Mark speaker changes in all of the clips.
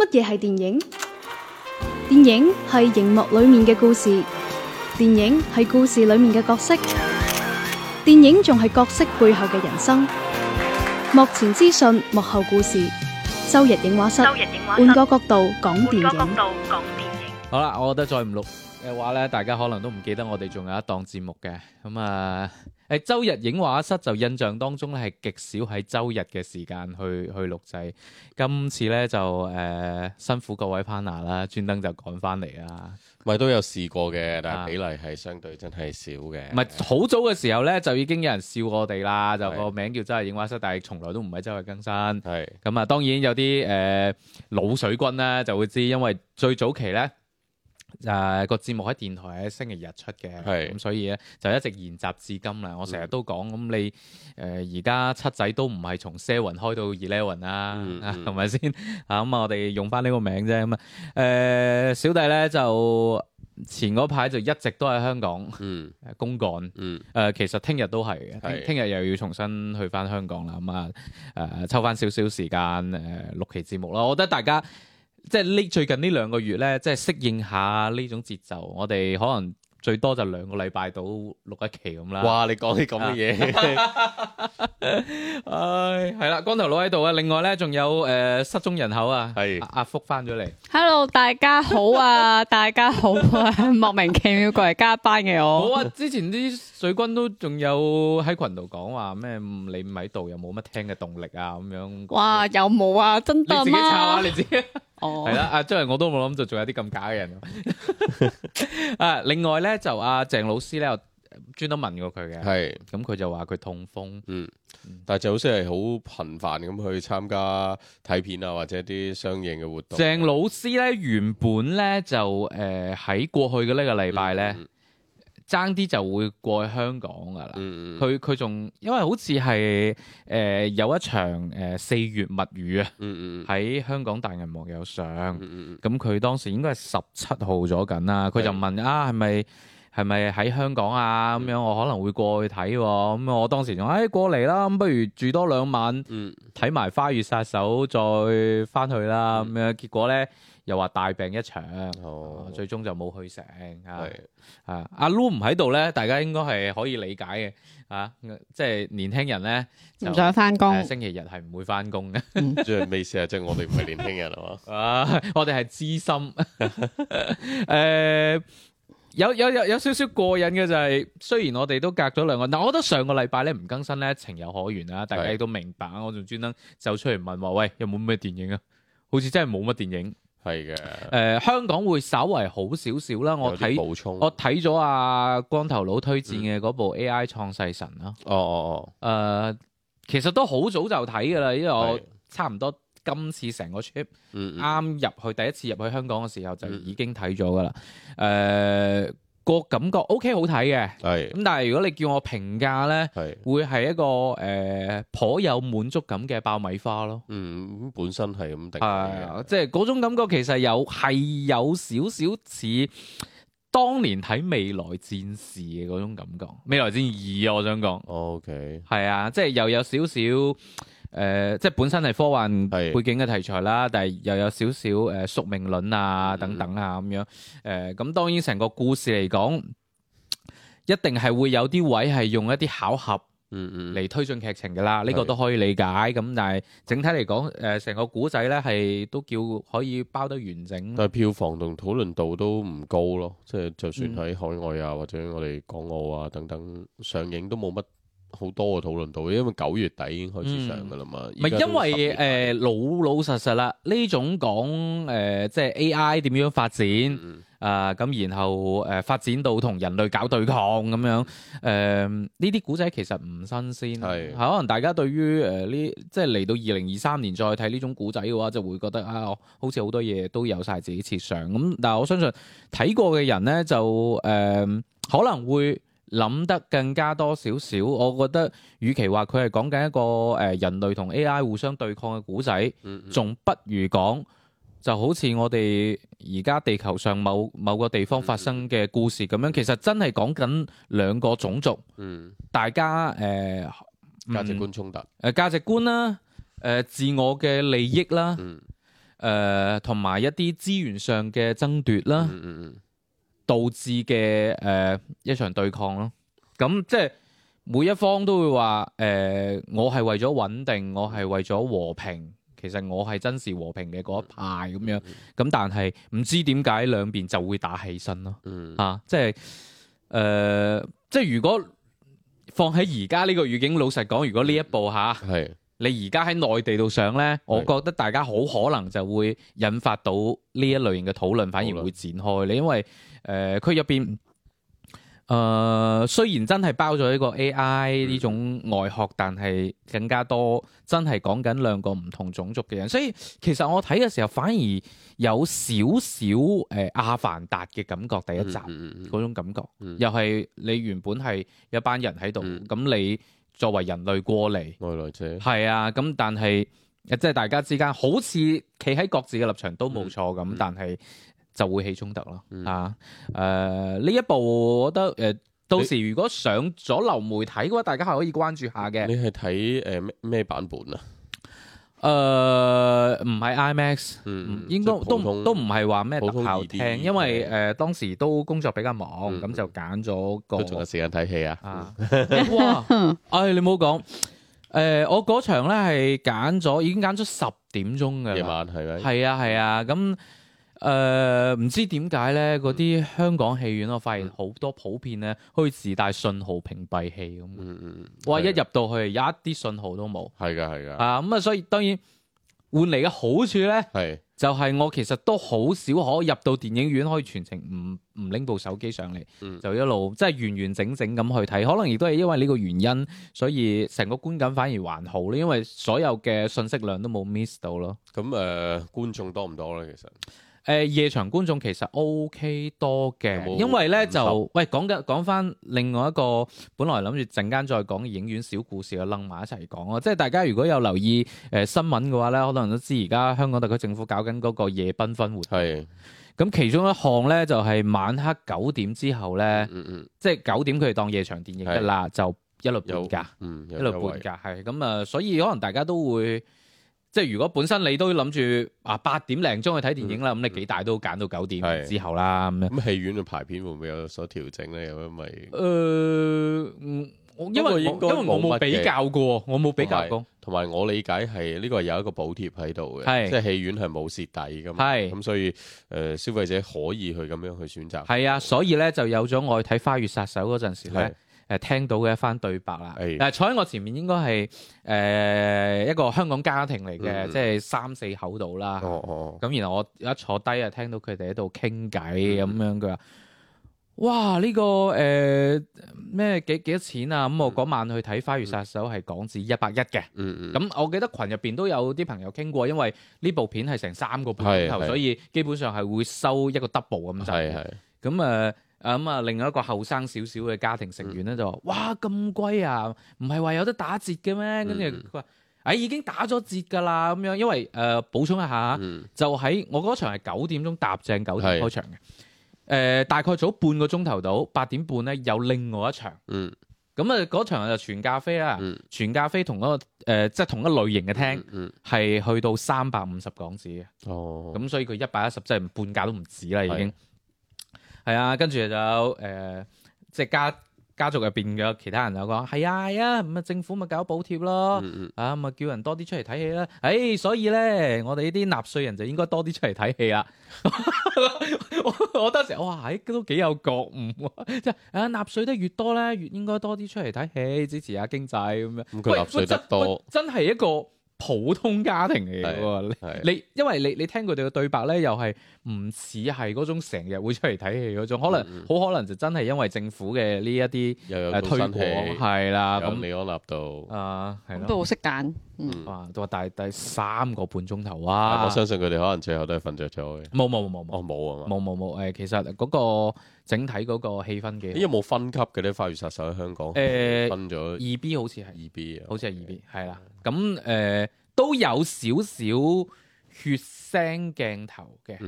Speaker 1: 乜嘢係電影？電影係熒幕裏面嘅故事，電影係故事裏面嘅角色，電影仲係角色背後嘅人生。幕前資訊，幕後故事。周日映畫室，換個角度講電影。
Speaker 2: 好啦，我覺得再唔錄嘅話咧，大家可能都唔記得我哋仲有一檔節目嘅，咁啊。誒週日影畫室就印象當中咧，係極少喺周日嘅時間去去錄製。今次咧就誒、呃、辛苦各位 partner 啦，專登就趕翻嚟啦。咪都有試過嘅，但係比例
Speaker 3: 係相對真係少嘅。
Speaker 2: 咪好、啊、早嘅時候咧，就已經有人笑我哋啦，就個名叫周日影畫室，但係從來都唔係周日更新。係咁啊，當然有啲誒、呃、老水軍咧就會知，因為最早期咧。誒，呃、個節目喺電台喺星期日出嘅，咁是、嗯、所以咧就一直延襲至今啦。我成日都講，咁你誒而家七仔都唔係從 seven 開到 eleven 啦，係咪先？啊、嗯、咁、嗯、我哋用翻呢個名啫。咁、嗯、啊，誒小弟咧就前嗰排就一直都喺香港，嗯，公幹幹，嗯，誒、呃、其實聽日都係嘅，聽日又要重新去翻香港啦。咁啊，誒抽翻少少時間，誒、呃、錄期節目啦。我覺得大家。即係呢，最近呢兩個月咧，即係適應下呢種節奏，我哋可能最多就兩個禮拜到錄一期咁啦。哇！你講啲咁嘅嘢，唉
Speaker 3: 、
Speaker 2: 哎，係啦，光頭佬喺度啊。另外咧，仲有誒、呃、失蹤人口啊，係是、啊、阿福翻咗嚟。
Speaker 1: Hello，大家好啊，大家好啊， 莫名其妙過嚟加班嘅我。好啊，之
Speaker 2: 前啲水軍都仲有喺群度講話咩？你唔喺度又冇乜聽嘅動力啊？咁樣哇，
Speaker 1: 有冇啊？真你自己查下，你自己抄啊，
Speaker 2: 你自己。係啦、oh.，啊，即係我都冇諗，就仲有啲咁假嘅人。啊，另外咧就阿、啊、鄭老師咧，又專登問過佢嘅。係是，
Speaker 3: 咁佢就話佢痛風。嗯，但係就好似係好頻繁咁去參加睇片啊，或者啲相應嘅活動、啊。鄭老師咧，原本咧就誒喺、呃、過去嘅呢個禮拜咧。嗯嗯
Speaker 2: 爭啲就會過去香港㗎啦，佢佢仲因為好似係誒有一場誒四、呃、月物語啊，喺、嗯嗯、香港大銀幕有上，咁佢、嗯嗯、當時應該係十七號咗緊啦，佢就問啊係咪係咪喺香港啊咁樣、嗯、我可能會過去睇、啊，咁我當時仲誒、哎、過嚟啦，咁不如住多兩晚，睇埋、嗯、花月殺手再翻去啦咁樣，結果咧。又話大病一場，哦、最終就冇去成。係的啊，阿 Lo 唔喺度咧，大家應該係可以理解嘅。啊，即係年輕人咧，唔想翻工、啊，星期日係唔會翻工嘅。即係未試啊！即係我哋唔係年輕人啊嘛。啊，我哋係資深。誒、 啊，有有有有少少過癮嘅就係、是，雖然我哋都隔咗兩個，但我覺得上個禮拜咧唔更新咧情有可原啦。大家亦都明白的。我仲專登走出嚟問話，喂，有冇咩電影啊？好似真係冇乜電影。
Speaker 3: 係嘅，
Speaker 2: 誒、呃，香港會稍為好少少啦。我睇，我睇咗阿光頭佬推薦嘅嗰部 AI 創世神啦。哦哦哦，誒、呃，其實都好早就睇噶啦，因為我差唔多今次成個 trip 啱，入去，第一次入去香港嘅時候就已經睇咗噶啦。誒、嗯。呃個感覺 OK 好睇嘅，係咁是。但係如果你叫我評價咧，是會係一個誒頗、呃、有滿足感嘅爆米花咯。嗯，本身係咁定嘅，即係嗰種感覺其實有係有少少似當年睇未來戰士嘅嗰種感覺，未來戰士二啊，我想講。O K，係啊，即、就、係、是、又有少少。誒，即係本身係科幻背景嘅題材啦，但係又有少少誒宿命論啊等等啊咁樣。誒，咁當然成個故事嚟講，一定係會有啲位係用一啲巧合嗯嚟推進劇情嘅啦。呢個都可以理解。咁但係整體嚟講，誒，成個古仔咧係都叫可以包得完整。但係
Speaker 3: 票房同討論度都唔高咯，即係就算喺海外啊或者我哋港澳啊等等上映都冇乜。好多嘅討論到，因為九月底已經開始上噶啦嘛。係、嗯、因為
Speaker 2: 誒、呃、老老實實啦，呢種講誒、呃、即係 AI 點樣發展，誒咁、嗯呃、然後誒、呃、發展到同人類搞對抗咁樣，誒呢啲古仔其實唔新鮮。係是可能大家對於誒呢即係嚟到二零二三年再睇呢種古仔嘅話，就會覺得啊、呃，好似好多嘢都有晒自己設想。咁、呃、但係我相信睇過嘅人咧，就誒、呃、可能會。諗得更加多少少，我覺得，與其話佢係講緊一個誒人類同 AI 互相對抗嘅故仔，仲、嗯嗯、不如講就好似我哋而家地球上某某個地方發生嘅故事咁樣，嗯嗯其實真係講緊兩個種族，嗯、大家誒、呃嗯、價值觀衝突，誒價值觀啦，誒、呃、自我嘅利益啦，誒同埋一啲資源上嘅爭奪啦。嗯嗯嗯嗯導致嘅誒、呃、一場對抗咯，咁即係每一方都會話誒、呃，我係為咗穩定，我係為咗和平，其實我係真係和平嘅嗰一派咁樣。咁但係唔知點解兩邊就會打起身咯，嚇、嗯啊！即係誒、呃，即係如果放喺而家呢個語境，老實講，如果呢一步嚇，係、啊、是你而家喺內地度上呢，我覺得大家好可能就會引發到呢一類型嘅討論，反而會展開。你因為。誒，佢入邊誒，雖然真係包咗一個 AI 呢種外殼，嗯、但係更加多真係講緊兩個唔同種族嘅人，所以其實我睇嘅時候反而有少少誒、呃《阿凡達》嘅感覺，第一集嗰種感覺，嗯嗯、又係你原本係一班人喺度，咁、嗯、你作為人類過嚟，外來者係啊，咁但係即係大家之間好似企喺各自嘅立場都冇錯咁，但係。就會起衝突咯啊！誒，呢一部我覺得誒，到時如果上咗流媒體嘅話，大家係可以關注下嘅。你係睇誒咩咩版本啊？誒，唔係 IMAX，應該都都唔係話咩特效廳，因為誒當時都工作比較忙，咁就揀
Speaker 3: 咗個。仲有時間睇戲啊？哇！
Speaker 2: 哎，你唔好講。誒，我嗰場咧係揀咗，已經揀咗十點鐘嘅夜晚，係咪？係啊，係啊，咁。誒，唔、呃、知點解咧？嗰啲香港戲院，嗯、我發現好多普遍咧，可以自帶信號屏蔽器咁、嗯。嗯嗯。哇！一入到去，有一啲信號都冇。係噶係噶。啊，咁啊，所以當然換嚟嘅好處咧，係的就係我其實都好少可入到電影院，可以全程唔唔拎部手機上嚟，嗯、就一路即係、就是、完完整整咁去睇。可能亦都係因為呢個原因，所以成個觀感反而還好咧，因為所有嘅信息量都冇 miss 到咯。咁誒、嗯呃，觀眾多唔多咧？其實？誒，夜場觀眾其實 O K 多嘅，因為咧，就喂，講緊講翻另外一個，本來諗住陣間再講影院小故事嘅楞埋一齊講咯。即係大家如果有留意誒新聞嘅話咧，可能都知而家香港特區政府搞緊嗰個夜繽紛活動。係，咁其中一項咧就係晚黑九點之後咧，即係九點佢哋當夜場電影嘅啦，就一律半價，一律半價係咁啊。所以可能大家都會。即係如果本身你都諗住啊八點零鐘去睇電
Speaker 3: 影啦，咁、嗯、你幾大都揀到九點之後啦咁樣。咁戲院嘅排片會唔會有所調整咧？咁咪？誒、呃，因為
Speaker 2: 因為我冇比較過，我冇比較過。
Speaker 3: 同埋我理解係呢、這個係有一個補貼喺度嘅，即係戲院係冇蝕底噶嘛。係咁是，所以誒、呃、消費者可以去咁樣去選擇。
Speaker 2: 係啊，所以咧就有咗我去睇《花月殺手》嗰陣時。誒聽到嘅一番對白啦，誒坐喺我前面應該係誒一個香港家庭嚟嘅，即係三四口度啦。哦哦，咁然後我一坐低啊，聽到佢哋喺度傾偈咁樣，佢話：哇，呢個誒咩幾幾多錢啊？咁我嗰晚去睇《花月殺手》係港紙一百一嘅。嗯嗯，咁我記得群入邊都有啲朋友傾過，因為呢部片係成三個半鐘頭，所以基本上係會收一個 double 咁就咁誒。咁啊，另外一個後生少少嘅家庭成員咧就話：哇，咁貴啊！唔係話有得打折嘅咩？跟住佢話：誒，已經打咗折㗎啦。咁樣，因為誒，補充一下，就喺我嗰場係九點鐘搭正九點開場嘅。誒，大概早半個鐘頭到八點半咧，有另外一場。咁啊，嗰場就全價飛啦。全價飛同嗰個誒，即係同一類型嘅廳，係去到三百五十港紙嘅。哦。咁所以佢一百一十，即係半價都唔止啦，已經。係啊，跟住就誒、呃，即係家家族入邊嘅其他人就講係啊係啊，咁啊政府咪搞補貼咯，嗯、啊咪叫人多啲出嚟睇戲啦，誒、哎、所以咧，我哋呢啲納稅人就應該多啲出嚟睇戲啦。 我當時我話係都幾有覺悟、啊，即係啊納稅得越多咧，越應該多啲出嚟睇戲，支持下經濟咁樣。咁佢納稅得多，真係一個。普通家庭嚟嘅喎，你你，因為你你聽佢哋嘅對白咧，又係唔似係嗰種成日會出嚟睇戲嗰種，可能好、嗯、可能就真係因為政府
Speaker 3: 嘅呢一啲誒推廣係啦，咁你安納度啊，都好識
Speaker 1: 揀，嗯、哇，都
Speaker 3: 話大第三個半鐘頭啊、嗯，我相信佢哋可能最後都係瞓着
Speaker 2: 咗嘅，冇冇冇冇，我冇啊，冇冇冇，誒，其實嗰、嗰個。整體個氣氛嘅、欸，有冇
Speaker 3: 分級嘅咧？花月殺手喺香港，誒、呃， 分咗了二
Speaker 2: B 好似係二 B，啊
Speaker 3: 2 B, 了，好似係二 B，係啦。
Speaker 2: 咁誒、呃、都有少少血。聲鏡頭嘅，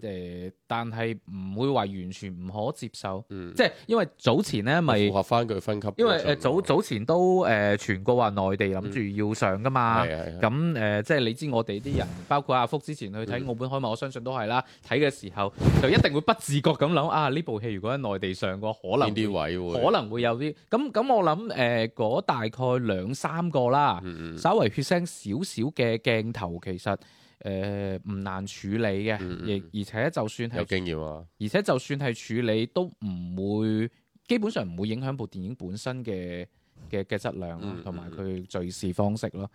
Speaker 2: 誒，但係唔會話完全唔可接受，即係因為早前咧咪符合翻佢分級，因為誒早早前都誒傳過話內地諗住要上噶嘛，咁誒即係你知我哋啲人，包括阿福之前去睇澳門開幕，我相信都係啦，睇嘅時候就一定會不自覺咁諗啊，呢部戲如果喺內地上過，可能啲位會可能會有啲咁咁，我諗誒嗰大概兩三個啦，稍為血腥少少嘅鏡頭，其實。誒唔、呃、難處理嘅，亦、嗯嗯、而且就算係有經驗啊，而且就算係處理都唔會，基本上唔會影響部電影本身嘅嘅嘅質量同埋佢敘事方式咯。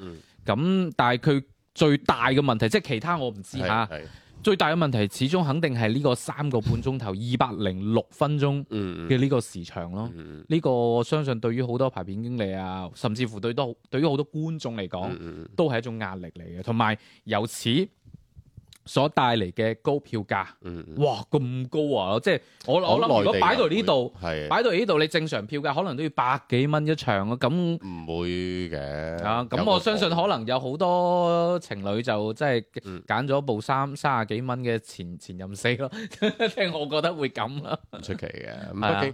Speaker 2: 咁、嗯、但係佢最大嘅問題，即係其他我唔知嚇。最大嘅問題始終肯定係呢個三個半鐘頭二百零六分鐘嘅呢個時長咯，呢個我相信對於好多排片經理啊，甚至乎對多對於好多觀眾嚟講，都係一種壓力嚟嘅，同埋由此。所帶嚟嘅高票價，哇咁高啊！即係我我諗，如果擺到呢度，擺到呢度，你正常票價可能都要百幾蚊一場啊！咁唔會嘅啊！咁我相信可能有好多情侶就即係揀咗部三三十幾蚊
Speaker 3: 嘅前前任四咯，
Speaker 2: 即 係我覺得會咁啦。唔
Speaker 3: 出奇嘅。咁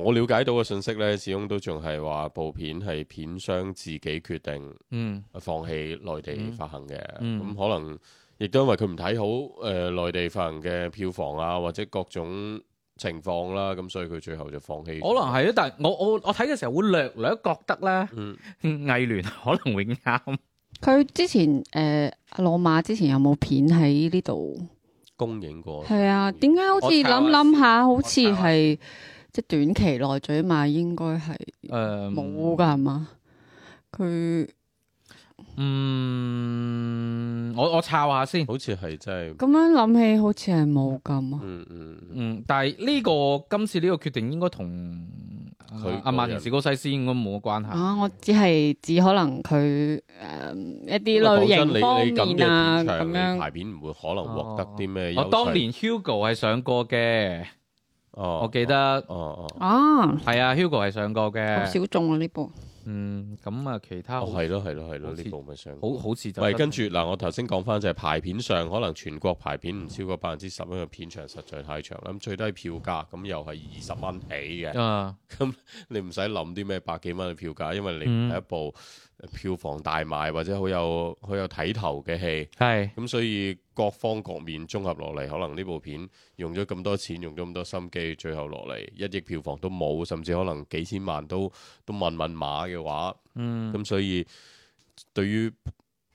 Speaker 3: 我了解到嘅信息咧，始終都仲係話部片係片商自己決定，嗯，放棄內地發行嘅。咁、嗯嗯、可能。亦都因為佢唔睇好誒內地發行嘅票房啊，或者各種情況啦，咁所以佢最後就放棄。
Speaker 2: 可能係咧，但係我我我睇嘅時候會略略覺得咧，藝聯可能會啱。
Speaker 1: 佢之前誒，阿羅馬之前有冇片喺呢度
Speaker 2: 公映過？係啊，
Speaker 1: 點解好似諗諗下，好似係即係短期內最起碼應該係誒冇噶係嘛？佢。
Speaker 2: 嗯，我我抄下先，好似係真係咁樣
Speaker 1: 諗起，好似係冇咁啊。嗯嗯嗯，嗯，
Speaker 2: 但係呢、這個今次呢個決定應該同阿馬田史高西斯應該冇乜關係啊。
Speaker 1: 我只係只可能佢誒、啊、一啲類型方面啊，咁樣排
Speaker 2: 片唔會可能獲得啲咩。我當年 Hugo 係上過嘅，哦、啊，我記得，
Speaker 1: 哦哦、啊，啊，
Speaker 3: 係啊，啊，Hugo 係上過嘅，好小
Speaker 1: 眾啊呢部。
Speaker 3: 嗯，咁啊，其他哦，係咯，係咯，係咯，呢像部咪上好好似，咪跟住嗱，我頭先講翻就係、是、排片上，可能全國排片唔超過百分之十，因為片長實在太長。咁最低票價咁又係二十蚊起嘅，咁你唔使諗啲咩百幾蚊嘅票價，因為你唔係一部票房大賣或者好有好有睇頭嘅戲，係咁是所以。各方各面綜合落嚟，可能呢部片用咗咁多錢，用咗咁多心機，最後落嚟一億票房都冇，甚至可能幾千萬都都問問馬嘅話，嗯，咁、嗯、所以對於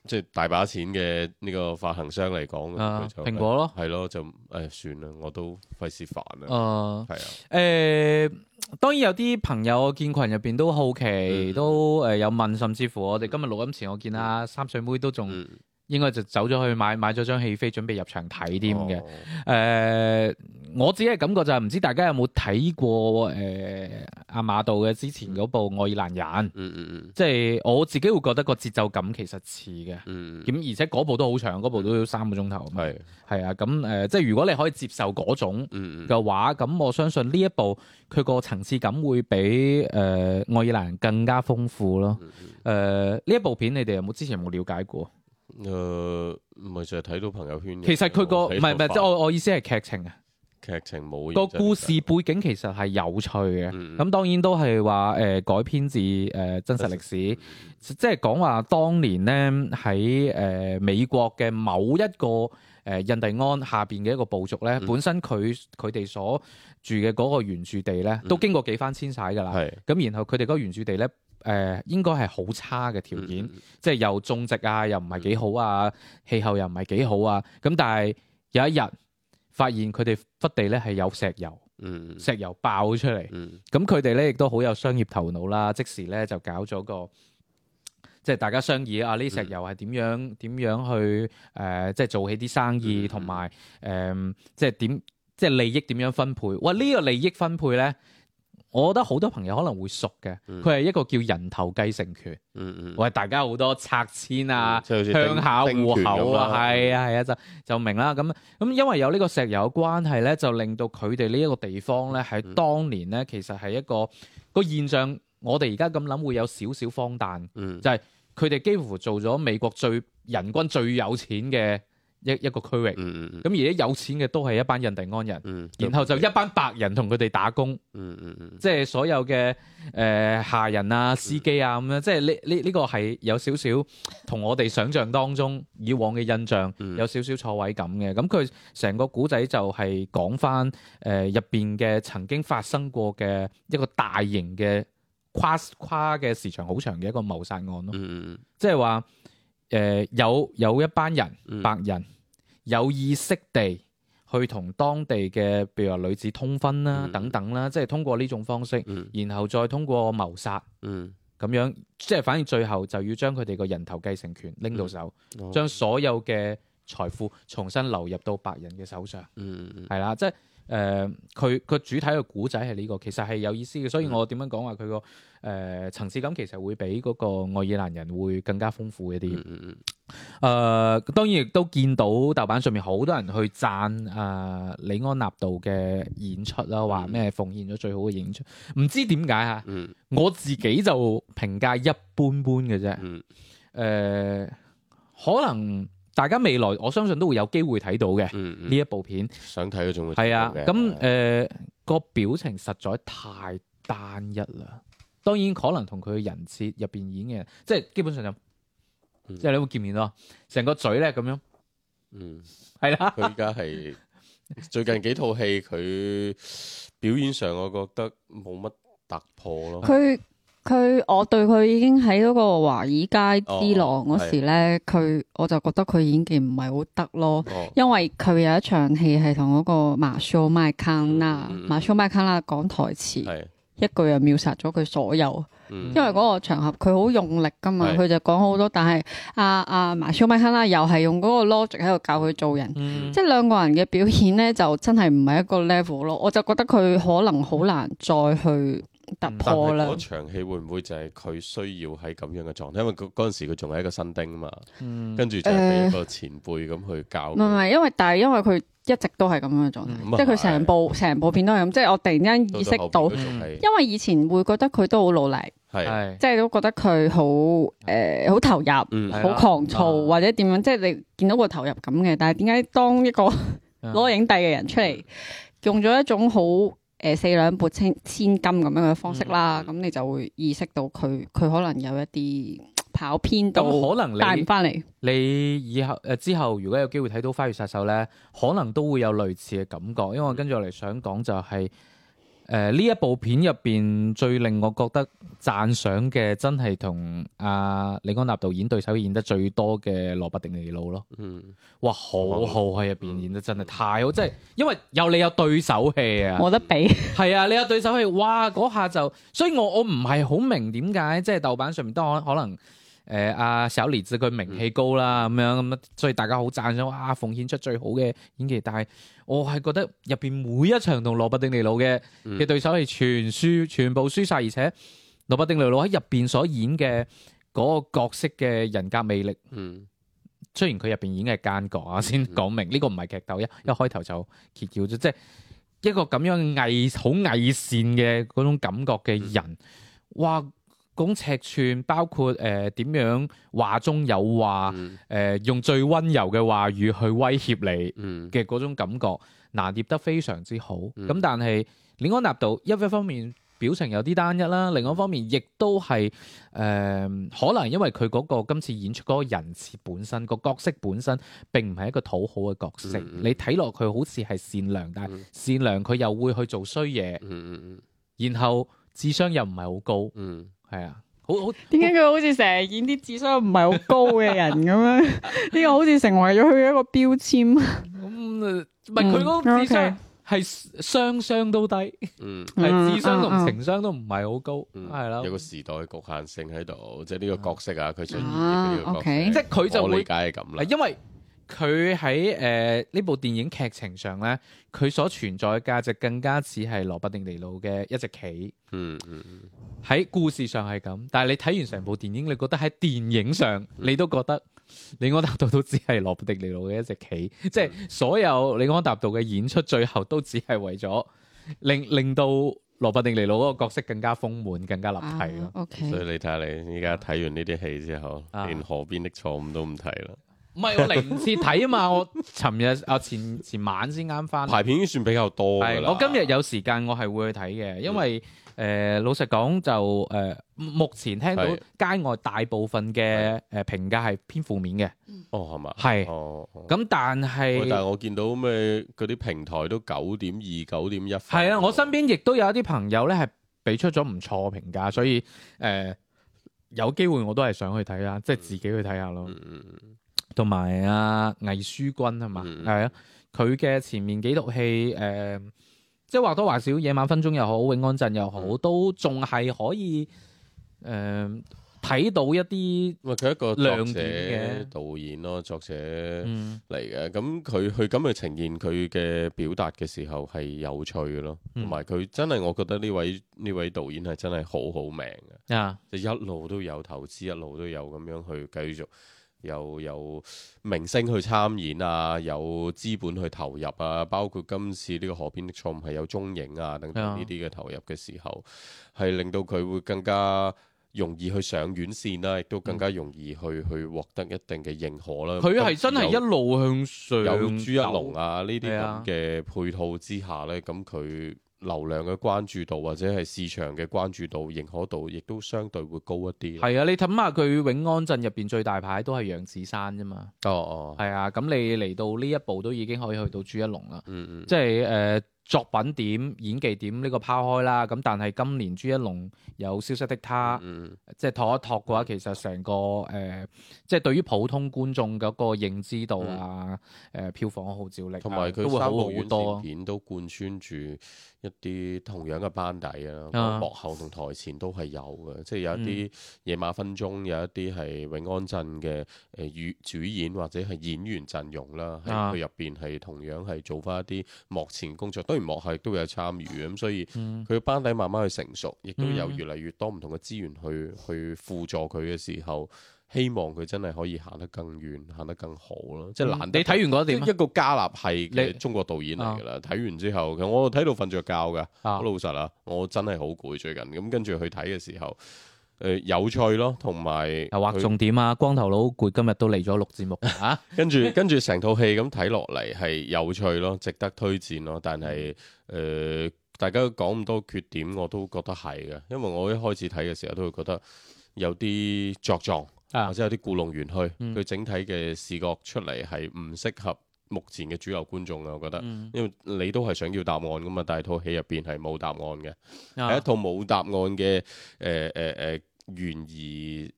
Speaker 3: 即係大把錢嘅呢個發行商嚟講，啊，就是、蘋果咯，係咯、啊，就誒、哎、算啦，我都費事煩啦，呃、啊，係啊，
Speaker 2: 誒，當然有啲朋友我見羣入邊都好奇，嗯、都誒有問，甚至乎我哋今日錄音前我見啊三歲妹都仲。嗯嗯應該就走咗去買買咗張戲飛，準備入場睇啲嘅。誒，我自己嘅感覺就係唔知大家有冇睇過誒阿馬道嘅之前嗰部《愛爾蘭人》。即係我自己會覺得個節奏感其實似嘅。咁而且嗰部都好長，嗰部都要三個鐘頭。係係啊。咁誒，即係如果你可以接受嗰種嘅話，咁我相信呢一部佢個層次感會比誒《愛爾蘭人》更加豐富咯。誒，呢一部片你哋有冇之前有冇了解過？
Speaker 3: 誒，唔係淨係睇到朋友圈。其實佢個唔係唔係，即係我是發我，
Speaker 2: 我意思係劇情啊。
Speaker 3: 劇情冇個故
Speaker 2: 事背景其實係有趣嘅。咁、嗯、當然都係話誒改編自誒、呃、真實歷史，即係講話當年呢，喺誒、呃、美國嘅某一個誒印第安下邊嘅一個部族咧，嗯、本身佢佢哋所住嘅嗰個原住地咧，都經過幾番遷徙噶啦。咁然後佢哋嗰個原住地咧。誒、呃，應該係好差嘅條件，嗯、即係又種植啊，又唔係幾好啊，氣、嗯、候又唔係幾好啊。咁但係有一日發現佢哋忽地咧係有石油，
Speaker 3: 嗯、
Speaker 2: 石油爆出嚟，咁佢哋咧亦都好有商業頭腦啦，即時咧就搞咗個即係大家商議啊，呢石油係點樣點、嗯、樣去誒，即、呃、係、即係、做起啲生意，同埋誒，即係點即係利益點樣分配？哇！呢、呢個利益分配咧～我覺得好多朋友可能會熟嘅，佢係一個叫人頭繼承權，嗯嗯、喂，大家好多拆遷啊，鄉、嗯、下戶口啊，係啊，係啊，啊嗯、就就明啦。咁咁，因為有呢個石油嘅關係咧，就令到佢哋呢一個地方咧，喺當年咧，其實係一個、嗰個現象。我哋而家咁諗會有少少荒誕，嗯、就係佢哋幾乎做咗美國最人均最有錢嘅。一一個區域，咁、嗯、而家有錢嘅都係一班印第安人，嗯、然後就一班白人同佢哋打工，
Speaker 3: 嗯
Speaker 2: 嗯、即係所有嘅誒、呃、下人啊、司機啊咁樣，嗯、即係呢呢呢個係有少少同我哋想象當中以往嘅印象有少少錯位感咁嘅。咁佢成個古仔就係講翻誒入邊嘅曾經發生過嘅一個大型嘅跨跨嘅時長好長嘅一個謀殺案咯，即係話。誒、呃，有有一班人、嗯、白人有意識地去同當地嘅，譬如話女子通婚啦，嗯、等等啦，即係通過呢種方式，嗯、然後再通過謀殺，咁樣即係，反正最後就要將佢哋個人頭繼承權拎到手，將、嗯、所有嘅財富重新流入到白人嘅手上，係啦、嗯嗯，即係。誒，佢佢、呃、主體嘅古仔係呢個，其實係有意思嘅，所以我點樣講話佢個誒層次感其實會比嗰個愛爾蘭人會更加豐富一啲。誒、呃，當然亦都見到豆瓣上面好多人去讚誒、呃、李安納度嘅演出啦，話咩奉獻咗最好嘅演出，唔知點解吓。我自己就評價一般般嘅啫。誒、呃，可能。大家未來我相信都會有機會睇到嘅，嗯嗯、呢一部片，想睇嘅仲會係啊。咁誒，個表情實在太單一啦。當然可能同佢嘅人設入邊演嘅人，即係基本上就即、是、係、嗯、你有冇見面咯？
Speaker 3: 成個嘴咧咁樣，嗯，係啦、啊。佢而家係最近幾套戲，佢表演上我覺得冇乜突破咯。佢。
Speaker 1: 佢，我對佢已經喺嗰個華爾街之狼嗰時咧，佢、哦、我就覺得佢演技唔係好得咯，哦、因為佢有一場戲係同嗰個馬修麥卡納，嗯嗯、馬修麥卡納講台詞，是一句又秒殺咗佢所有，嗯、因為嗰個場合佢好用力㗎嘛，佢是就講好多，但係啊啊馬修麥卡納又係用嗰個 logic 喺度教佢做人，嗯嗯、即係兩個人嘅表現咧就真係唔係一個 level 咯，我就覺得佢可能好難再去。突破啦！但係嗰
Speaker 3: 場戲會唔會就係佢需要喺咁樣嘅狀態？因為佢嗰陣時佢仲係一個新丁嘛，跟住就係一個前輩咁去教。唔係
Speaker 1: 因為但係因為佢一直都係咁樣嘅狀態，即係佢成部成部片都係咁。即係我突然間意識到，因為以前會覺得佢都好努力，係即係都覺得佢好誒好投入，好狂躁或者點樣。即係你見到個投入咁嘅，但係點解當一個攞影帝嘅人出嚟，用咗一種好。誒、呃、四兩撥千千金咁樣嘅方式啦，咁、嗯、你就會意識到佢佢可能有一啲跑偏到可能你帶唔翻嚟。
Speaker 2: 你以後誒、呃、之後，如果有機會睇到《花月殺手》咧，可能都會有類似嘅感覺。因為我跟住落嚟想講就係、是。嗯誒呢、呃、一部片入邊最令我覺得讚賞嘅，真係同阿李安納導演對手演得最多嘅羅拔迪尼路咯。嗯，哇，好好喺入邊演得真係太好，嗯、即係因為有你有對手戲啊。冇得比。係啊，你有對手戲，哇！嗰下就，所以我我唔係好明點解，即係豆瓣上面都可可能誒阿、呃啊、小李子佢名氣高啦咁、嗯、樣咁所以大家好讚賞啊，奉獻出最好嘅演技，但係。我係覺得入邊每一場同羅伯丁尼魯嘅嘅對手係全輸，全部輸晒。而且羅伯丁尼魯喺入邊所演嘅嗰個角色嘅人格魅力，嗯、雖然佢入邊演嘅係奸角啊，先講明呢、嗯、個唔係劇透，一、嗯、一開頭就揭曉咗，即、就、係、是、一個咁樣偽好偽善嘅嗰種感覺嘅人，嗯、哇！講尺寸包括誒，點、呃、樣話中有話？誒、嗯呃，用最溫柔嘅話語去威脅你嘅嗰種感覺，嗯、拿捏得非常之好。咁、嗯、但係李安納度一一方面表情有啲單一啦，另外一方面亦都係誒，可能因為佢嗰，那個今次演出嗰個人設本身、嗯、個角色本身，並唔係一個討好嘅角色。嗯嗯、你睇落佢好似係善良，但係善良佢又會去做衰嘢，嗯、然後智商又唔係好高。係
Speaker 1: 啊，好，好，點解佢好似成日演啲智商唔係好高嘅人咁樣？呢個 好似成為咗佢嘅一個標籤。咁
Speaker 2: 唔係佢個智商係雙雙都低，嗯，係智商同情
Speaker 3: 商都唔係好高，係啦。有個時代局限性喺度，即係呢個角色啊，佢想演呢個角，即係佢就理解係咁啦，因為。
Speaker 2: 佢喺誒呢部電影劇情上咧，佢所存在嘅價值更加似係羅伯定尼魯嘅一隻棋。嗯嗯，喺、嗯、故事上係咁，但係你睇完成部電影，你覺得喺電影上、嗯、你都覺得李安達道都只係羅伯定尼魯嘅一隻棋，嗯、即係所有李安達道嘅演出，最後都只係為咗令令到羅伯定尼魯嗰個角色更加豐滿、更加立體咯、啊。OK，所以
Speaker 3: 你睇下你依家睇完呢啲戲之後，連河邊的錯誤都唔睇啦。啊啊唔係，我嚟唔切睇啊嘛！我尋日啊前前
Speaker 2: 晚先啱翻。排片已經
Speaker 3: 算比較多噶啦。我今
Speaker 2: 日有時間，我係會去睇嘅，因為誒、嗯呃、老實講就誒、呃、目前聽到街外大部分嘅誒評價係偏負面嘅。哦，係嘛？係。哦。咁但係，但係我見到咩嗰啲平台都九點二九點一分。係啊，我身邊亦都有一啲朋友咧，係俾出咗唔錯評價，所以誒、呃、有機會我都係想去睇啦，即、就、係、是、自己去睇下咯。嗯嗯。同埋阿魏書鈞係嘛？係啊，佢嘅，嗯、前面幾套戲，誒、呃，即係或多或少，夜晚分鐘又好，永安鎮又好，嗯，都仲係可以，誒、呃，睇到一啲，咪佢一個亮點嘅
Speaker 3: 導演咯，作者嚟嘅。咁佢佢咁去呈現佢嘅表達嘅時候係有趣嘅咯，同埋佢真係，我覺得呢位呢位導演係真係好好命嘅，啊，即一路都有投資，一路都有咁樣去繼續。又有明星去參演啊，有資本去投入啊，包括今次呢個《河邊的錯誤》係有中影啊等等呢啲嘅投入嘅時候，係是、啊、令到佢會更加容易去上院線啦、啊，亦都更加容易去、嗯、去獲得一定嘅認可啦、啊。佢係真係一路向上有，有朱一龍啊呢啲咁嘅配套之下呢，咁佢是、啊。流量嘅關注度或者係市場嘅關注度認可度，亦都相對會高一啲。係
Speaker 2: 啊，你諗下，佢永安鎮入邊最大牌都係楊子珊啫嘛。哦哦，係啊，咁你嚟到呢一步都已經可以去到朱一龍啦。嗯嗯，即係誒、呃、作品點、演技點呢個拋開啦。咁但係今年朱一龍有消失的她，嗯、即係托一托嘅話，其實成個誒、呃，即係對於普通觀眾嗰個認知度啊，誒、嗯呃、票房嘅號召力同埋佢好多
Speaker 3: 片都貫穿住。一啲同樣嘅班底啊，幕後同台前都係有嘅，即係有一啲野馬分鬃，有一啲係永安鎮嘅誒主演或者係演員陣容啦，喺佢入邊係同樣係做翻一啲幕前工作，當、啊、然幕後亦都有參與咁，啊、所以佢嘅、嗯、班底慢慢去成熟，亦都有越嚟越多唔同嘅資源去、嗯、去輔助佢嘅時候。希望佢真係可以行得更遠，行得更好咯。即係、嗯、難得得。你睇完覺得點？一個加立係你中國導演嚟噶啦。睇、啊、完之後，我睇到瞓着覺噶。好、啊、老實啊，我真係好攰最近。咁跟住去睇嘅時候、呃，有趣咯，同埋又畫重點啊。光頭佬，攰、啊，今日都嚟咗錄節目。跟住跟住成套戲咁睇落嚟係有趣咯，值得推薦咯。但係誒、呃，大家講咁多缺點，我都覺得係嘅。因為我一開始睇嘅時候都會覺得有啲作狀。啊！或者有啲故弄玄虛，佢整體嘅視覺出嚟係唔適合目前嘅主流觀眾啊！我覺得，嗯、因為你都係想要答案噶嘛，但係套戲入邊係冇答案嘅，係、啊、一套冇答案嘅誒誒誒懸疑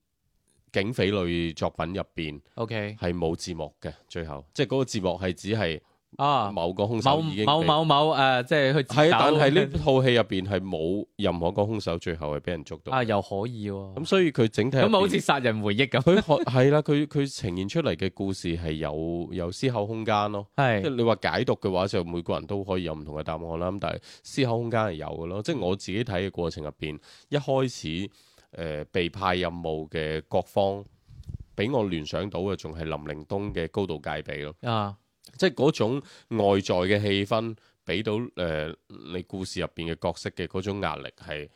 Speaker 3: 警匪類作品入邊，OK 係冇字幕嘅，最後即係嗰個字幕係指係。啊！某個凶手某某
Speaker 2: 某誒、呃，即係去係，但係呢
Speaker 3: 套戲入邊係冇任何個凶手，最後係俾人捉到啊！又可以咁、啊嗯，所以佢整體咁好似殺人回憶咁。佢係啦，佢佢呈現出嚟嘅故事係有有思考空間咯。係即係你話解讀嘅話，就每個人都可以有唔同嘅答案啦。咁但係思考空間係有嘅咯。即、就、係、是、我自己睇嘅過程入邊，一開始誒、呃、被派任務嘅各方，俾我聯想到嘅仲係林嶺東嘅高度戒備咯。啊！即係嗰種外在嘅氣氛，俾到誒、呃、你故事入邊嘅角色嘅嗰種壓力係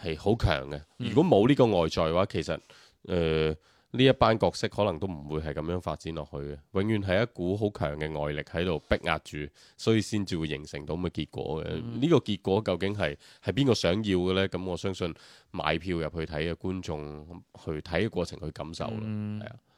Speaker 3: 係好強嘅。嗯、如果冇呢個外在嘅話，其實誒呢、呃、一班角色可能都唔會係咁樣發展落去嘅。永遠係一股好強嘅外力喺度逼壓住，所以先至會形成到咁嘅結果嘅。呢、嗯、個結果究竟係係邊個想要嘅呢？咁我相信買票入去睇嘅觀眾去睇嘅過程去感受啦，係啊、嗯。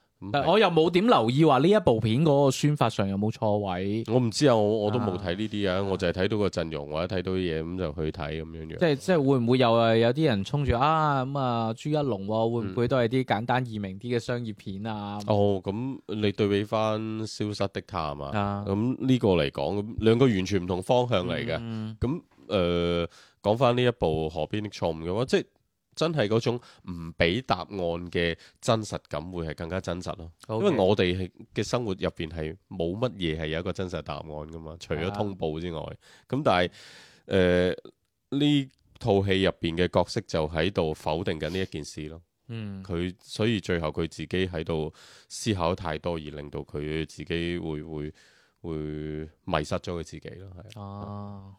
Speaker 2: 我又冇點留意話呢一部片嗰個宣發上有冇錯位，我，我唔知啊，我我都冇睇
Speaker 3: 呢啲啊。我就係睇到個陣容或者睇到啲嘢咁就去睇咁樣樣。
Speaker 2: 即即會唔會又誒有啲人衝住啊咁啊朱一龍會唔會都係啲簡單易明啲嘅商業片啊？嗯、哦，
Speaker 3: 咁你對比翻《消失的她》啊，咁呢個嚟講，咁兩個完全唔同方向嚟嘅。咁誒、嗯呃、講翻呢一部《河邊的錯誤》嘅話，即。真係嗰種唔俾答案嘅真實感，會係更加真實咯。Okay. 因為我哋嘅生活入邊係冇乜嘢係有一個真實答案噶嘛，除咗通報之外。咁 Yeah. 但係誒呢套戲入邊嘅角色就喺度否定緊呢一件事咯。嗯，佢所以最後佢自己喺度思考太多，而令到佢自己會會會迷失咗佢自己咯。係啊。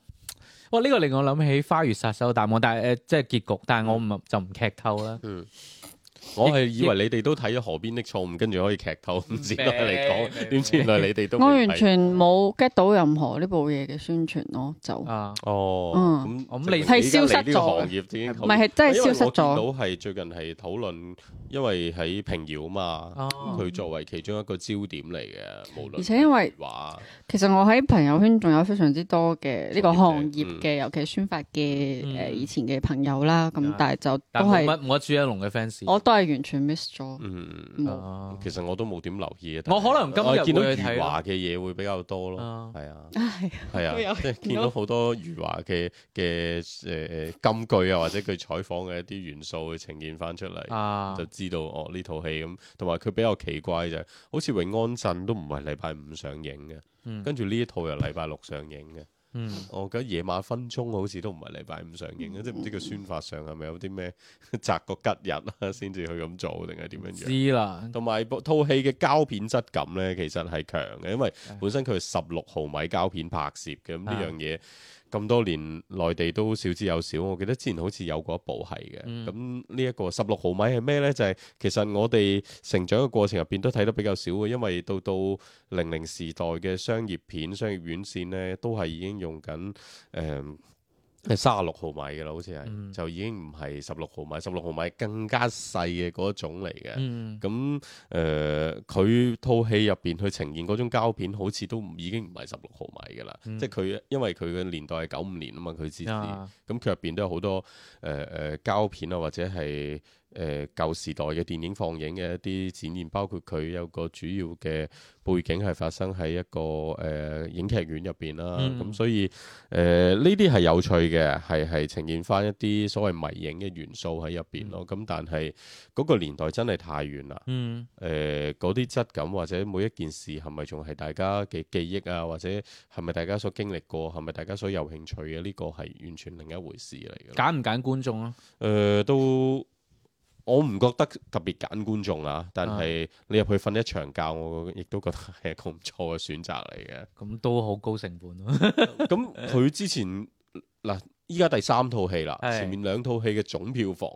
Speaker 2: 我呢、呢個令我諗起《花月殺手》大幕，但係誒、呃，即係
Speaker 3: 結局，但係我唔、嗯、就唔劇透啦。嗯。我係以為你哋都睇咗《河邊的錯誤》，跟住可以劇透。唔知嚟講，點知原來你哋都我完全
Speaker 1: 冇 get 到任何呢部嘢嘅宣傳咯，就啊哦，嗯，咁咁你係
Speaker 3: 消失咗，唔係真係消失咗。因為我見到係最近係討論，因為喺平遙啊嘛，佢作為其中一個焦點嚟嘅，無論而且因為話，
Speaker 1: 其實我喺朋友圈仲有非常之多嘅呢個行業嘅，尤其宣發嘅誒以前嘅朋友啦。咁但係就都係
Speaker 3: 冇朱一龍嘅 fans，
Speaker 1: 係完全 miss 咗。嗯，
Speaker 3: 冇、啊。其實我都冇點留意，我可能今日、啊、見到余華嘅嘢會比較多咯。係啊，係啊，即係見到好多余華嘅嘅誒金句啊，或者佢採訪嘅一啲元素會呈現翻出嚟，啊、就知道哦呢套戲咁。同埋佢比較奇怪就係、是，好似永安鎮都唔係禮拜五上映嘅，嗯、跟住呢一套又禮拜六上映嘅。嗯，我覺得夜晚分鐘好似都唔係禮拜五上映嘅，即係唔知佢宣發上係咪有啲咩擲個吉日啦，先至去咁做定係點樣樣？知啦，同埋部套戲嘅膠片質感咧，其實係強嘅，因為本身佢係十六毫米膠片拍攝嘅，咁呢樣嘢。咁多年，內地都少之又少。我記得之前好似有過一部係嘅。咁呢一個十六毫米係咩呢？就係其實我哋成長嘅過程入邊都睇得比較少嘅，因為到到零零時代嘅商業片、商業院線呢，都係已經用緊誒。呃係三十六毫米嘅啦，好似係、嗯、就已經唔係十六毫米，十六毫米係更加細嘅嗰種嚟嘅。咁誒、嗯，佢套戲入邊去呈現嗰種膠片，好似都已經唔係十六毫米嘅啦。嗯、即係佢因為佢嘅年代係九五年啊嘛，佢之前咁佢入邊都有好多誒誒膠片啊，或者係。誒、呃、舊時代嘅電影放映嘅一啲展現，包括佢有個主要嘅背景係發生喺一個誒、呃、影劇院入邊啦。咁、嗯嗯嗯、所以誒呢啲係有趣嘅，係係呈現翻一啲所謂迷影嘅元素喺入邊咯。咁、嗯嗯、但係嗰個年代真係太遠啦。嗯，誒嗰啲質感或者每一件事係咪仲係大家嘅記憶啊，或者係咪大家所經歷過，係咪大家所有興趣嘅呢、呢個係完全另一回事嚟嘅。揀唔揀觀眾啊？誒、呃、都。我唔覺得特別揀觀眾啊，但係你入去瞓一場覺，我亦都覺得係一個唔錯嘅選擇嚟嘅。咁、嗯、都好高成本咯、啊。咁佢之前嗱，依、嗯、家、嗯嗯、第三套戲啦，的前面兩套戲嘅總票房，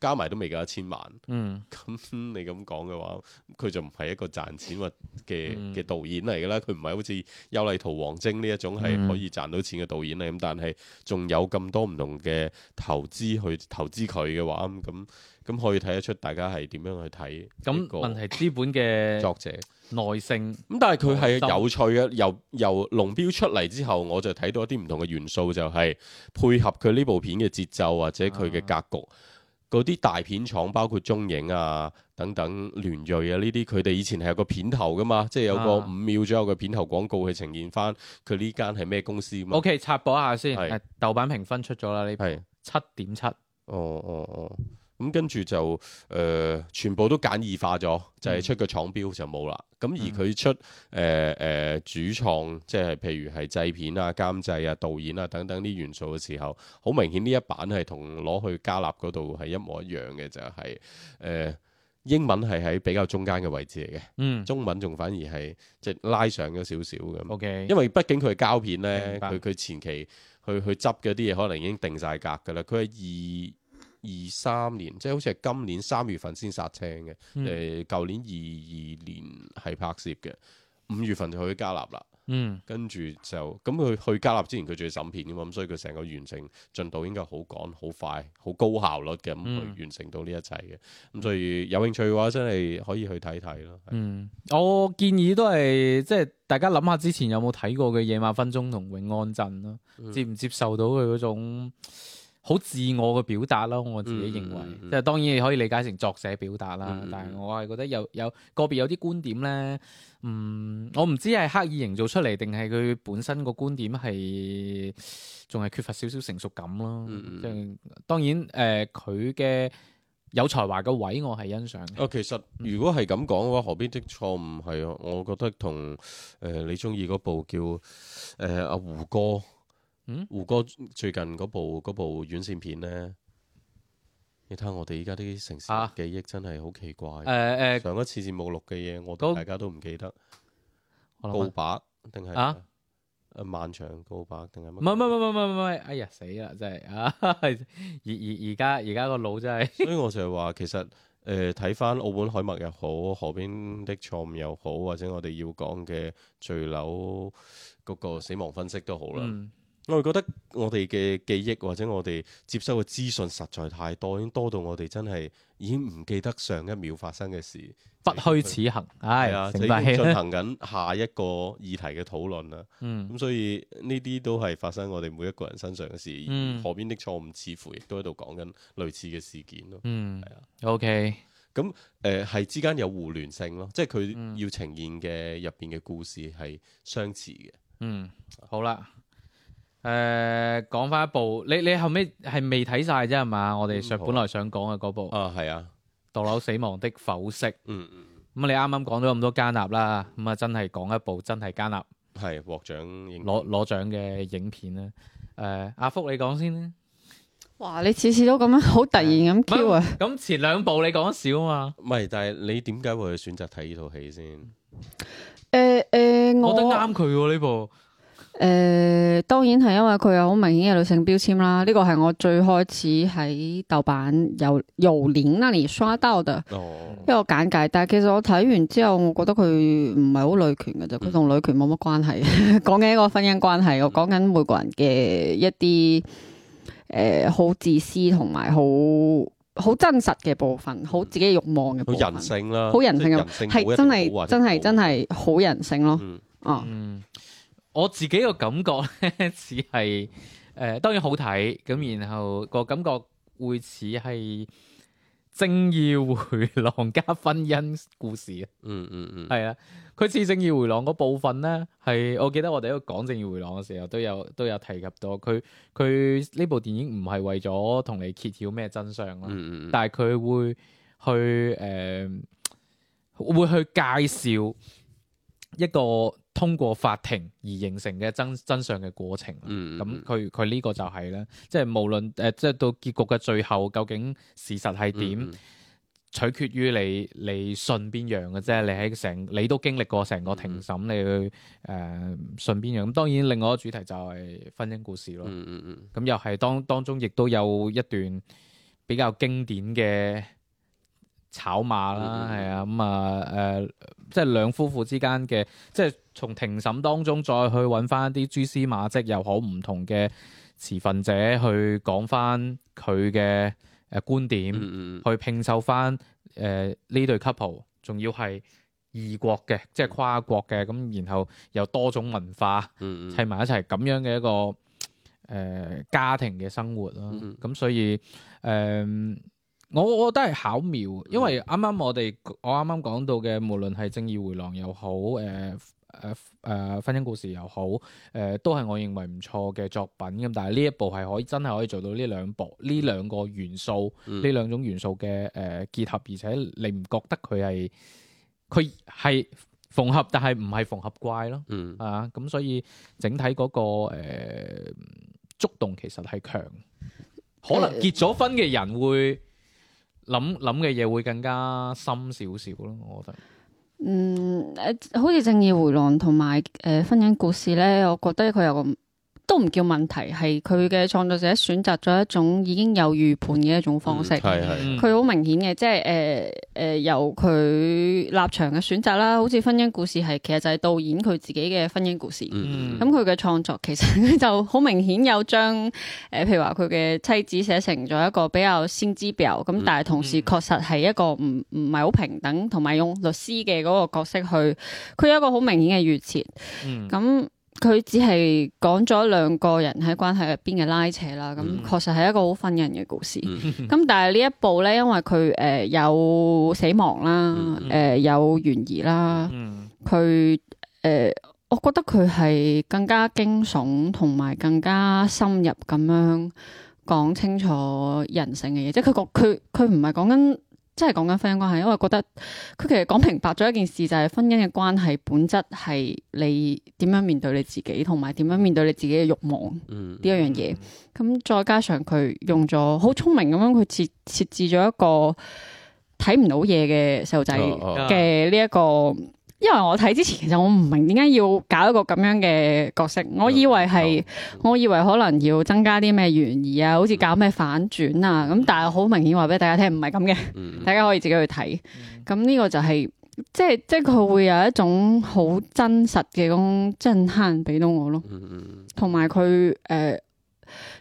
Speaker 3: 加埋都未夠一千萬。嗯，咁你咁講嘅話，佢就唔係一個賺錢嘅嘅、嗯、導演嚟嘅啦。佢唔係好似邱禮濤、王晶呢一種係可以賺到錢嘅導演嚟，咁、嗯、但係仲有咁多唔同嘅投資去投資佢嘅話，咁咁可以睇得出大家係點樣去睇。咁問題係資
Speaker 2: 本嘅作
Speaker 3: 者耐性。咁但係佢係有趣嘅。由由龍標出嚟之後，我就睇到一啲唔同嘅元素，就係、是、配合佢呢部片嘅節奏或者佢嘅格局。啊嗰啲大片廠包括中影啊等等聯瑞啊呢啲，佢哋以前係有個片頭㗎嘛，啊、即係有個五秒左右嘅片頭廣告去呈現返佢呢間係咩公司嘛。OK，插播一下先，是豆瓣評分出咗啦，呢批是，七點七。哦哦哦。咁跟住就誒、呃，全部都簡易化咗，就係出個廠標就冇啦。咁而佢出誒誒主創，即係譬如係製片啊、監製啊、導演啊等等啲元素嘅時候，好明顯呢一版係同攞去加納嗰度係一模一樣嘅，就係、是、誒、呃、英文係喺比較中間嘅位置嚟嘅，嗯，中文仲反而係即係拉上咗少少嘅。O K，嗯、因為畢竟佢係膠片咧，佢佢、嗯、前期去去執嘅啲嘢可能已經定晒格噶啦，佢係二二三年，即係好似係今年三月份先殺青嘅。誒、嗯，舊、呃、年二二年係拍攝嘅，五月份就去加納啦。嗯，跟住就咁佢去加納之前，佢仲要審片嘅嘛，咁所以佢成個完成進度應該好趕、好快、好高效率嘅咁去完成到呢一切嘅。咁所以有興趣嘅話，真係可以去睇睇咯。
Speaker 2: 嗯，我建議都係即係大家諗下之前有冇睇過嘅《野馬分鬃》同《永安鎮》咯，嗯、接唔接受到佢嗰種？好自我嘅表達咯，我自己認為，嗯嗯、即係當然你可以理解成作者表達啦。嗯、但係我係覺得有有個別有啲觀點咧，嗯，我唔知係刻意營造出嚟定係佢本身個觀點係仲係缺乏少少成熟感咯、嗯。嗯嗯。當然誒，佢、呃、嘅有才華嘅位，我係欣賞。
Speaker 3: 哦，其實如果係咁講嘅話，河邊的錯誤係啊，我覺得同誒、呃、你中意嗰部叫誒阿、呃、胡歌。嗯、胡歌最近嗰部嗰部院線片咧，你睇下我哋依家啲城市記憶真係好奇怪。誒誒、啊，呃呃、上一次節目錄嘅嘢，我大家都唔高記得。告白定係啊？漫長告白定係乜？唔係唔係唔係哎呀死啦！真係，而而而家而家個腦真係。所以我就係話，其實誒睇翻澳門海默又好，河邊的錯誤又好，或者我哋要講嘅墜樓嗰個死亡分析都好啦。嗯我哋覺得我哋嘅記憶或者我哋接收嘅資訊實在太多，已經多到我哋真係已經唔記得上一秒發生嘅事。不虛此
Speaker 2: 行，係啊，就進行
Speaker 3: 緊下一個議題嘅討論啦。咁所以呢啲都係發生我哋每一個人身上嘅事。嗯、河邊的錯誤似乎亦都喺度講緊類似嘅事件咯。係啊、嗯、的，OK，咁誒係之間有互聯性咯，即係佢要呈現嘅入邊嘅故事係相似嘅。嗯，
Speaker 2: 好啦。誒，講翻一部，你你後尾係未睇晒啫，係嘛？我哋想本來想講嘅嗰部啊，係啊，《墜樓死亡的剖析》。嗯嗯，咁你啱啱講咗咁多戛納啦，咁啊，真係講一部真係戛納係獲獎攞攞獎嘅影片咧。誒，阿福你講先咧，
Speaker 1: 哇，你次次都咁樣好突然咁啊！
Speaker 3: 咁前兩部你講少啊嘛？唔係，但係你點解會去選擇睇呢套戲先？
Speaker 1: 誒誒，我覺得啱
Speaker 3: 佢呢部。
Speaker 1: 誒、呃，當然係因為佢有好明顯嘅女性標籤啦，呢、這個係我最開始喺豆瓣有由蓮那你刷到嘅，一個簡介。但係其實我睇完之後，我覺得佢唔係好女權嘅啫，佢同女權冇乜關係，講緊、嗯、一個婚姻關係，我講緊每個人嘅一啲誒好自私同埋好好真實嘅部分，好自己嘅慾望嘅部分，好
Speaker 3: 人性啦，好人性嘅
Speaker 1: 係真係真係真係好人性咯，哦。
Speaker 2: 我自己個感覺咧似係誒，當然好睇咁，然後個感覺會似係正義回廊加婚姻故事。嗯嗯嗯，係、嗯、啊，佢、嗯、似正義回廊嗰部分咧，係我記得我哋喺度講正義回廊嘅時候都有都有提及到，佢佢呢部電影唔係為咗同你揭曉咩真相啦，嗯嗯嗯、但係佢會去誒、呃、會去介紹一個。通過法庭而形成嘅真真相嘅過程，咁佢佢呢個就係咧，即係無論誒，即係到結局嘅最後，究竟事實係點，取決於你你信邊樣嘅啫。你喺成，你都經歷過成個庭審你、呃，你誒信邊樣。咁當然，另外一個主題就係婚姻故事咯。咁又係當當中亦都有一段比較經典嘅炒馬啦，係、嗯嗯嗯、啊，咁啊誒，即係兩夫婦之間嘅即係。從庭審當中再去揾翻啲蛛絲馬跡又好，唔同嘅持份者去講翻佢嘅誒觀點，嗯嗯去拼湊翻誒呢對 couple，仲要係異國嘅，即係跨國嘅，咁然後有多種文化砌埋、嗯嗯、一齊，咁樣嘅一個誒、呃、家庭嘅生活咯。咁、嗯嗯、所以誒、呃，我我覺得係巧妙，因為啱啱我哋我啱啱講到嘅，無論係正義回廊又好，誒、呃。誒誒、啊啊，婚姻故事又好，誒、呃、都係我認為唔錯嘅作品咁。但係呢一部係可以真係可以做到呢兩部呢兩個元素呢、嗯、兩種元素嘅誒、呃、結合，而且你唔覺得佢係佢係縫合，但係唔係縫合怪咯。嗯、啊，咁所以整體嗰、那個誒、呃、觸動其實係強，
Speaker 1: 可能結
Speaker 2: 咗婚嘅人會諗諗嘅嘢會更加深少少咯，我覺得。
Speaker 1: 嗯，好似正義回廊同埋誒婚姻故事咧，我覺得佢有個。都唔叫問題，係佢嘅創作者選擇咗一種已經有預判嘅一種方式。佢好、嗯嗯、明顯嘅，即係誒誒由佢立場嘅選擇啦。好似婚姻故事係其實就係導演佢自己嘅婚姻故事。嗯，咁佢嘅創作其實就好明顯有將誒、呃，譬如話，佢嘅妻子寫成咗一個比較先知表咁，但係同時確實係一個唔唔係好平等，同埋用律師嘅嗰個角色去，佢有一個好明顯嘅預設。嗯、咁、嗯。佢只係講咗兩個人喺關係入邊嘅拉扯啦，咁確實係一個好分人嘅故事。咁 但係呢一部呢，因為佢誒、呃、有死亡啦，誒、呃、有懸疑啦，佢誒、呃、我覺得佢係更加驚悚同埋更加深入咁樣講清楚人性嘅嘢，即係佢個佢佢唔係講緊。真係講緊婚姻關係，因為覺得佢其實講明白咗一件事，就係、是、婚姻嘅關係本質係你點樣面對你自己，同埋點樣面對你自己嘅慾望呢、嗯、一樣嘢。咁、嗯、再加上佢用咗好聰明咁樣，佢設設置咗一個睇唔到嘢嘅細路仔嘅呢一個。因為我睇之前，其實我唔明點解要搞一個咁樣嘅角色，我以為係，oh. 我以為可能要增加啲咩懸疑啊，好似搞咩反轉啊，咁、mm. 但係好明顯話俾大家聽，唔係咁嘅，大家可以自己去睇。咁呢、mm. 個就係、是，即係即係佢會有一種好真實嘅嗰種震撼俾到我咯，同埋佢誒，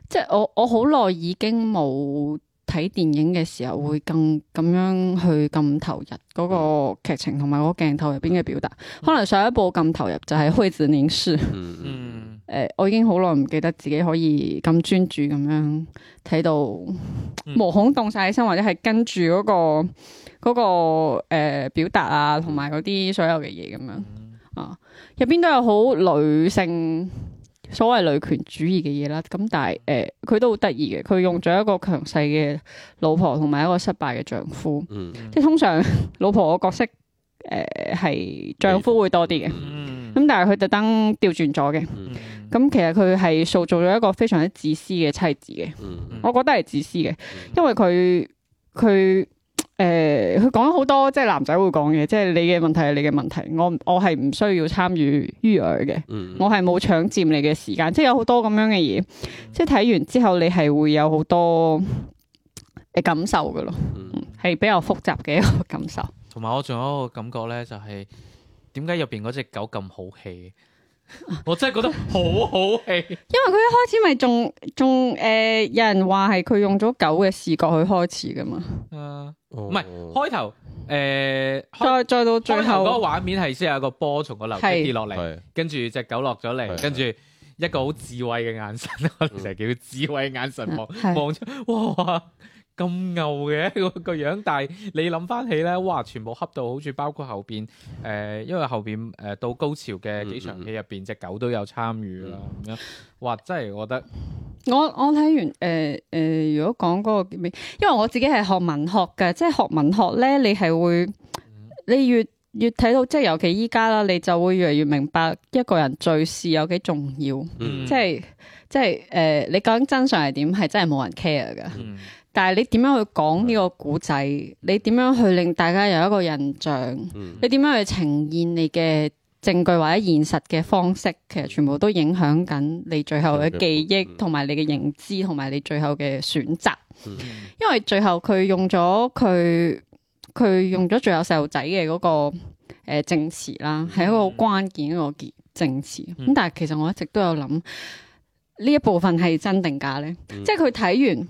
Speaker 1: 即係我我好耐已經冇。睇電影嘅時候會更咁樣去咁投入嗰個劇情同埋嗰鏡頭入邊嘅表達，可能上一部咁投入就係、是《虛子年書》。嗯 嗯、呃。我已經好耐唔記得自己可以咁專注咁樣睇到毛孔凍晒，起身，或者係跟住嗰、嗰個嗰、嗰個、呃、表達啊，同埋嗰啲所有嘅嘢咁樣啊，入邊都有好女性，所謂女權主義嘅嘢啦，咁但係誒，佢都好得意嘅，佢用咗一個強勢嘅老婆同埋一個失敗嘅丈夫，即係、嗯、通常老婆個角色誒係、呃、丈夫會多啲嘅，咁但係佢特登調轉咗嘅，咁其實佢係塑造咗一個非常之自私嘅妻子嘅，我覺得係自私嘅，因為佢佢。誒，佢講咗好多，即係男仔會講嘅，即係你嘅問題係你嘅問題，我我係唔需要參與於爾嘅，嗯、我係冇搶佔你嘅時間，即係有好多咁樣嘅嘢。嗯、即係睇完之後你係會有好多誒感受噶咯，係、嗯、比較複雜嘅一個感受。
Speaker 2: 同埋我仲有一個感覺咧、就是，就係點解入邊嗰隻狗咁好戲？我真係覺得好好戲，
Speaker 1: 因為佢一開始咪仲仲誒，有人話係佢用咗狗嘅視覺去開始㗎嘛，
Speaker 2: 啊，唔係開頭誒，呃、再再到最後嗰個畫面係先有個波從個樓梯跌落嚟，是跟住隻狗落咗嚟，是跟住一個好智慧嘅眼神，是 我哋成日叫佢智慧眼神望望出，哇！哇咁牛嘅個個樣， 但係你諗翻起咧，哇，全部恰到好似包括後邊誒、呃，因為後邊誒、呃、到高潮嘅幾場戲入邊，隻、嗯嗯嗯、狗都有參與啦。咁樣哇，真係覺得
Speaker 1: 我我睇完誒誒、呃呃，如果講嗰、嗰個，因為我自己係學文學嘅，即係學文學咧，你係會你越越睇到，即係尤其依家啦，你就會越嚟越明白一個人敘事有幾重要。嗯嗯即係即係誒、呃，你究竟真相係點，係真係冇人 care 噶。嗯但係你點樣去講呢個古仔？你點樣去令大家有一個印象？你點樣去呈現你嘅證據或者現實嘅方式？其實全部都影響緊你最後嘅記憶，同埋你嘅認知，同埋你最後嘅選擇。因為最後佢用咗佢佢用咗最後細路仔嘅嗰個誒證詞啦，係一個好關鍵一個結證詞。咁但係其實我一直都有諗呢一部分係真定假呢？即係佢睇完。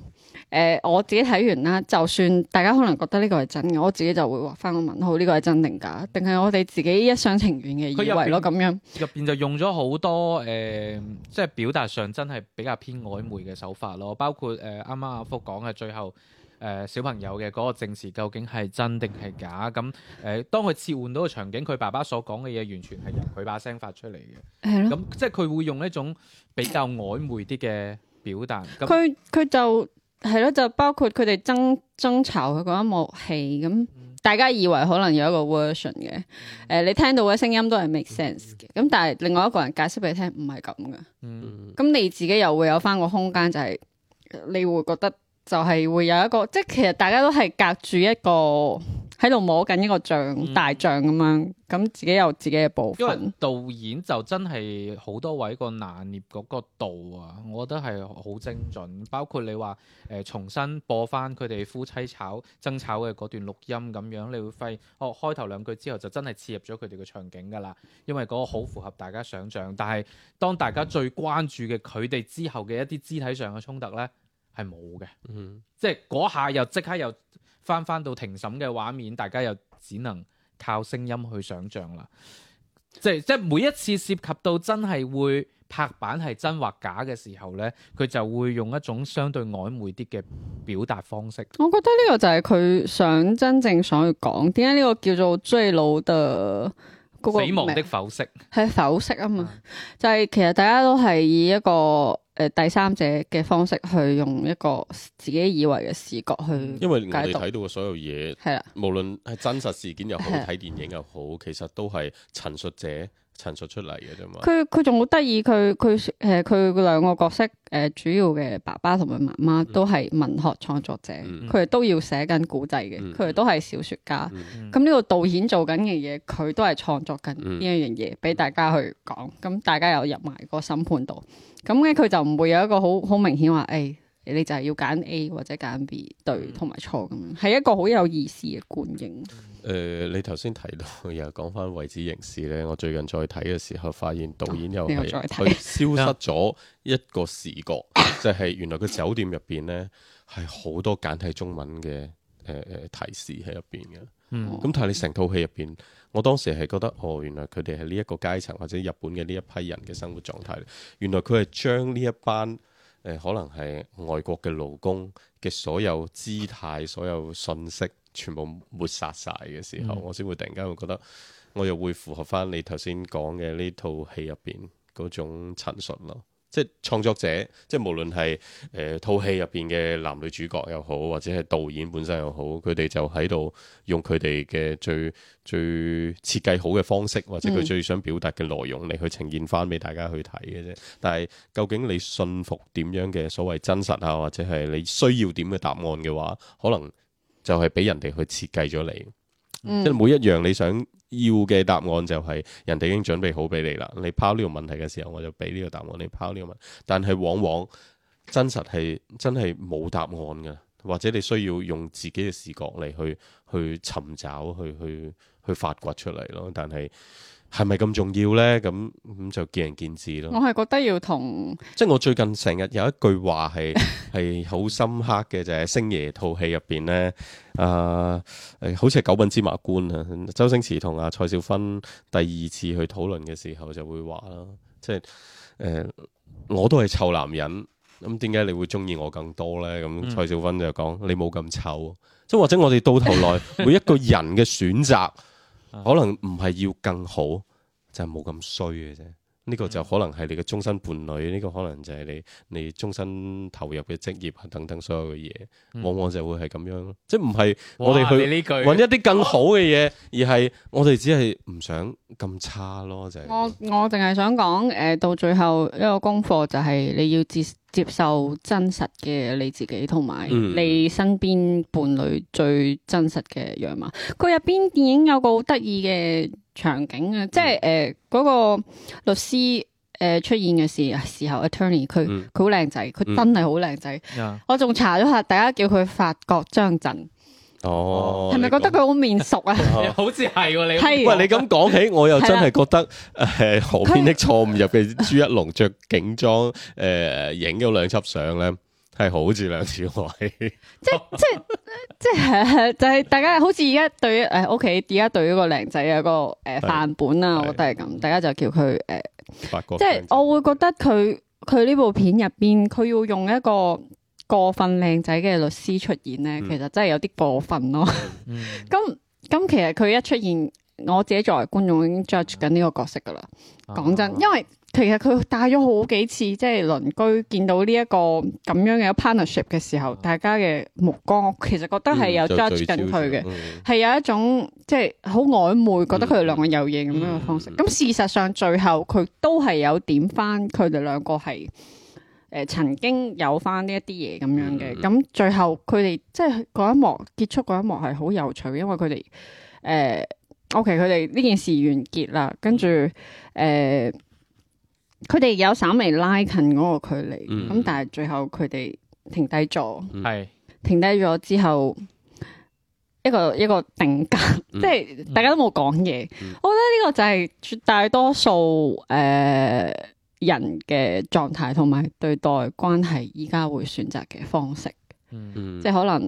Speaker 1: 誒、呃，我自己睇完啦，就算大家可能覺得呢個係真嘅，我自己就會畫翻、個問號，呢個係真定假？定係我哋自己一廂情願嘅以為咯，咁樣。
Speaker 2: 入邊就用咗好多誒、呃，即係表達上真係比較偏曖昧嘅手法咯，包括誒啱啱阿福講嘅最後誒、呃、小朋友嘅嗰個證詞究竟係真定係假？咁、嗯、誒、呃，當佢切換到個場景，佢爸爸所講嘅嘢完全係由佢把聲發出嚟嘅，係咯的。咁、嗯、即係佢會用一種比較曖昧啲嘅表達。佢
Speaker 1: 佢、 嗯、就。係咯，就包括佢哋爭爭吵嘅一幕戲咁，大家以為可能有一個 version 嘅，誒、嗯呃，你聽到嘅聲音都係 make sense 嘅，咁、嗯、但係另外一個人解釋俾你聽唔係咁嘅，咁、嗯、你自己又會有翻個空間，就係、是、你會覺得就係會有一個，即係其實大家都係隔住一個。喺度摸緊一個像，大象咁樣，咁、嗯、自己有自己嘅部分。因為
Speaker 2: 導演就真係好多位難個拿捏嗰個度啊，我覺得係好精準。包括你話誒、呃，重新播翻佢哋夫妻吵爭吵嘅嗰段錄音咁樣，你會發現哦開頭兩句之後就真係切入咗佢哋嘅場景噶啦。因為嗰個好符合大家想象，但係當大家最關注嘅佢哋之後嘅一啲肢體上嘅衝突咧，係冇嘅。嗯，即係嗰下又即刻又。翻翻到庭審嘅畫面，大家又只能靠聲音去想像啦。即係即係每一次涉及到真係會拍板係真或假嘅時候呢，佢就會用一種相對曖昧啲嘅表達方式。
Speaker 1: 我覺得呢個就係佢想真正想去講點解，呢個叫做追老的死亡的剖析，係剖析啊嘛，嗯、就係其實大家都係以一個。誒、呃、第三者嘅方式去用一個自己以為嘅視覺去，因為我哋睇
Speaker 3: 到嘅所有嘢，係啦的，無論係真實事件又好，睇的電影又好，其實都係陳述者。陳述出嚟嘅啫嘛，佢
Speaker 1: 佢仲好得意，佢佢誒佢兩個角色誒、呃、主要嘅爸爸同埋媽媽都係文學創作者，佢哋、嗯嗯、都要寫緊古仔嘅，佢哋、嗯嗯、都係小說家。咁呢、嗯嗯、個導演做緊嘅嘢，佢都係創作緊呢樣嘢，俾、嗯、大家去講。咁大家又入埋個審判度，咁咧佢就唔會有一個好好明顯話誒。哎你就係要揀 A 或者揀 B 對同埋錯咁，係一個好有意思嘅觀影。
Speaker 3: 誒、呃，你頭先提到又講翻位置形式咧，我最近再睇嘅時候發現導演又係佢、啊、消失咗一個視覺， 就係原來個酒店入邊咧係好多簡體中文嘅誒誒提示喺入邊嘅。咁、嗯嗯、但係你成套戲入邊，我當時係覺得哦，原來佢哋係呢一個階層或者日本嘅呢一批人嘅生活狀態。原來佢係將呢一班，可能係外國嘅勞工嘅所有姿態、所有信息，全部抹殺晒嘅時候，嗯、我先會突然間會覺得，我又會符合翻你頭先講嘅呢套戲入邊嗰種陳述咯。即係創作者，即係無論係誒套戲入邊嘅男女主角又好，或者係導演本身又好，佢哋就喺度用佢哋嘅最最設計好嘅方式，或者佢最想表達嘅內容嚟去呈現翻俾大家去睇嘅啫。但係究竟你信服點樣嘅所謂真實啊，或者係你需要點嘅答案嘅話，可能就係俾人哋去設計咗你。嗯、即係每一樣你想要嘅答案就係人哋已經準備好俾你啦。你拋呢個問題嘅時候，我就俾呢個答案你拋呢個問題。但係往往真實係真係冇答案噶，或者你需要用自己嘅視角嚟去去尋找、去去去發掘出嚟咯。但係。係咪咁重要呢？咁咁就見仁見智咯。我係
Speaker 1: 覺得要同，
Speaker 3: 即係我最近成日有一句話係係好深刻嘅，就係、是、星爺套戲入邊呢，啊、呃呃，好似係《九品芝麻官》啊，周星馳同阿蔡少芬第二次去討論嘅時候，就會話啦，即係誒、呃，我都係臭男人，咁點解你會中意我更多呢？咁蔡少芬就講：嗯、你冇咁臭。即或者我哋到頭來 每一個人嘅選擇。可能唔係要更好，就係冇咁衰嘅啫。呢、這個就可能係你嘅終身伴侶，呢、嗯、個可能就係你你終身投入嘅職業啊等等所有嘅嘢，嗯、往往就會係咁樣咯。即係唔係我哋去揾一啲更好嘅嘢，而係我哋只係唔想咁差咯。就係、是，
Speaker 1: 我我淨係想講誒、呃，到最後一個功課就係你要接。接受真實嘅你自己，同埋你身邊伴侶最真實嘅樣貌。佢入邊電影有個好得意嘅場景啊，嗯、即係誒嗰個律師誒、呃、出現嘅時時候，Attorney 佢佢好靚仔，佢、嗯、真係好靚仔。嗯、我仲查咗下，大家叫佢法國張震。哦，係咪覺得佢好面熟啊？好似係你，喂，你咁講起，我又真係覺
Speaker 3: 得誒，河邊的錯誤入邊朱一龍着警裝誒，影咗兩輯相咧，係好似梁朝偉。即即
Speaker 1: 即係就係大家好似而家對誒屋企而家對一個靚仔有個誒範本啦，我覺得係咁，大家就叫佢誒發哥，即係我會覺得佢佢呢部片入邊，佢要用一個。過分靚仔嘅律師出現呢，其實真係有啲過分咯。咁咁其實佢一出現，我自己作為觀眾已經 judge 緊呢個角色㗎啦。講真，啊、因為其實佢帶咗好幾次，即、就、係、是、鄰居見到呢、這、一個咁樣嘅 partnership 嘅時候，大家嘅目光其實覺得係有 judge 緊佢嘅，係、嗯、有一種即係好曖昧，覺得佢哋兩個有嘢咁樣嘅方式。咁事實上最後佢都係有點返佢哋兩個係。誒，曾經有翻呢一啲嘢咁樣嘅，咁、嗯、最後佢哋即係嗰一幕結束，嗰一幕係好有趣，因為佢哋誒，O.K. 佢哋呢件事完結啦，跟住誒，佢、呃、哋有稍微拉近嗰個距離，咁、嗯、但係最後佢哋停低咗，係、嗯、停低咗之後一個一個定格，即係大家都冇講嘢，嗯、我覺得呢個就係絕大多數誒。呃人嘅狀態同埋對待關係，依家會選擇嘅方式，嗯、即係可能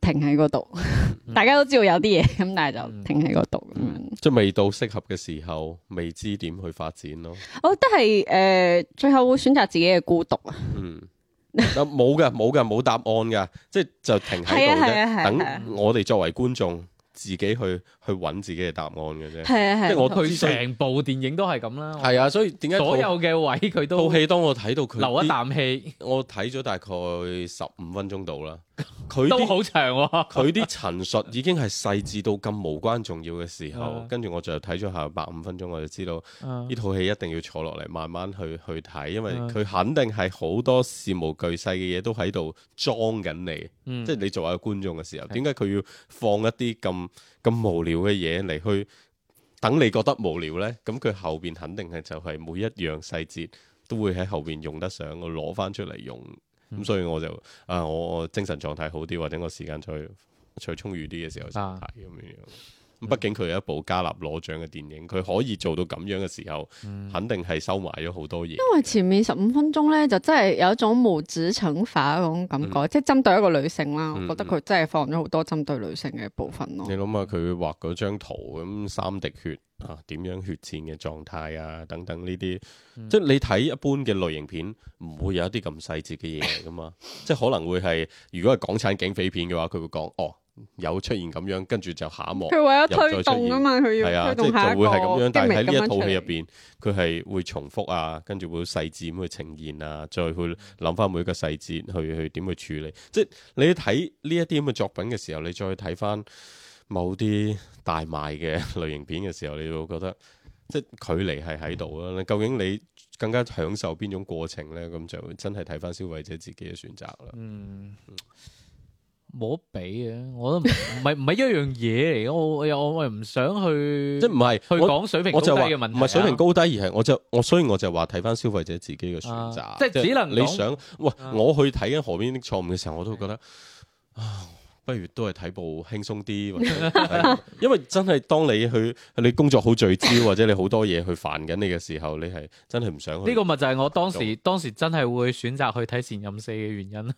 Speaker 1: 停喺嗰度。 大家都知道有啲嘢咁，但係就停喺嗰度咁樣。即
Speaker 3: 係、嗯、未到適合嘅時候，未知點去發展咯。
Speaker 1: 我、哦、都係誒、呃，最後會選擇自己嘅孤獨
Speaker 3: 嗯、 啊。嗯、啊，冇噶、啊，冇噶，冇答案噶，即係就停喺度。係啊係啊係啊，等我哋作為觀眾。自己去去揾自己嘅答案嘅啫，的即係我佢成
Speaker 2: 部電影都係咁啦。係啊的，我所以點解所有
Speaker 3: 嘅位佢都好戲，當我睇到佢，留一啖氣，我睇咗大概十五分鐘度啦。佢啲陳述已經係細緻到咁無關重要嘅時候， 跟住我就睇咗下百五分鐘，我就知道呢套戲一定要坐落嚟慢慢去去睇，因為佢肯定係好多事無巨細嘅嘢都喺度裝緊你，嗯、即係你做下觀眾嘅時候，點解佢要放一啲咁咁無聊嘅嘢嚟去等你覺得無聊呢，咁佢後邊肯定係就係每一樣細節都會喺後邊用得上，攞翻出嚟用。咁、嗯、所以我就啊我，我精神狀態好啲，或者我時間再再充裕啲嘅時候先睇咁樣樣。啊。.畢竟佢有一部加納攞獎嘅電影，佢可以做到咁樣嘅時候，嗯、肯定係收埋咗好多嘢。因為前面
Speaker 1: 十五分鐘咧，就真係有一種無止懲罰嗰種感覺，嗯、即係針對一個女性啦。我覺得佢真係放咗好多針對女性嘅部分咯。
Speaker 3: 嗯嗯、你諗下佢畫嗰張圖咁、嗯嗯、三滴血啊，點樣血戰嘅狀態啊，等等呢啲，嗯嗯、即係你睇一般嘅類型片，唔會有一啲咁細節嘅嘢噶嘛。 即係可能會係，如果係港產警匪片嘅話，佢會講哦。有出現咁樣，跟住就下一幕。佢為咗推動啊嘛，佢要係啊，即係就會係咁樣，但係喺呢一套戲入邊，佢係會重複啊，跟住會細緻咁去呈現啊，再去諗翻每一個細節，去去點去處理。即係你睇呢一啲咁嘅作品嘅時候，你再睇翻某啲大賣嘅類型片嘅時候，你會覺得即係距離係喺度啦。究竟你更加享受邊種過程咧？咁就真係睇翻消費者自己嘅選擇啦。嗯。
Speaker 2: 冇得比嘅，我都唔係唔係一樣嘢嚟。我我我我又唔想去，即係唔係去講水平高低嘅問題，唔係水平高
Speaker 3: 低而係我就我雖然我就話睇翻消費者自己嘅選擇，啊，即係只能你想喂，啊、我去睇緊河邊的錯誤嘅時候，我都覺得啊，不如都係睇部輕鬆啲， 因為真係當你去你工作好聚焦或者你好多嘢去煩緊你嘅時候，你係真係唔想去。呢個
Speaker 2: 咪就係我當時當時真係會選擇去睇前任四嘅原因。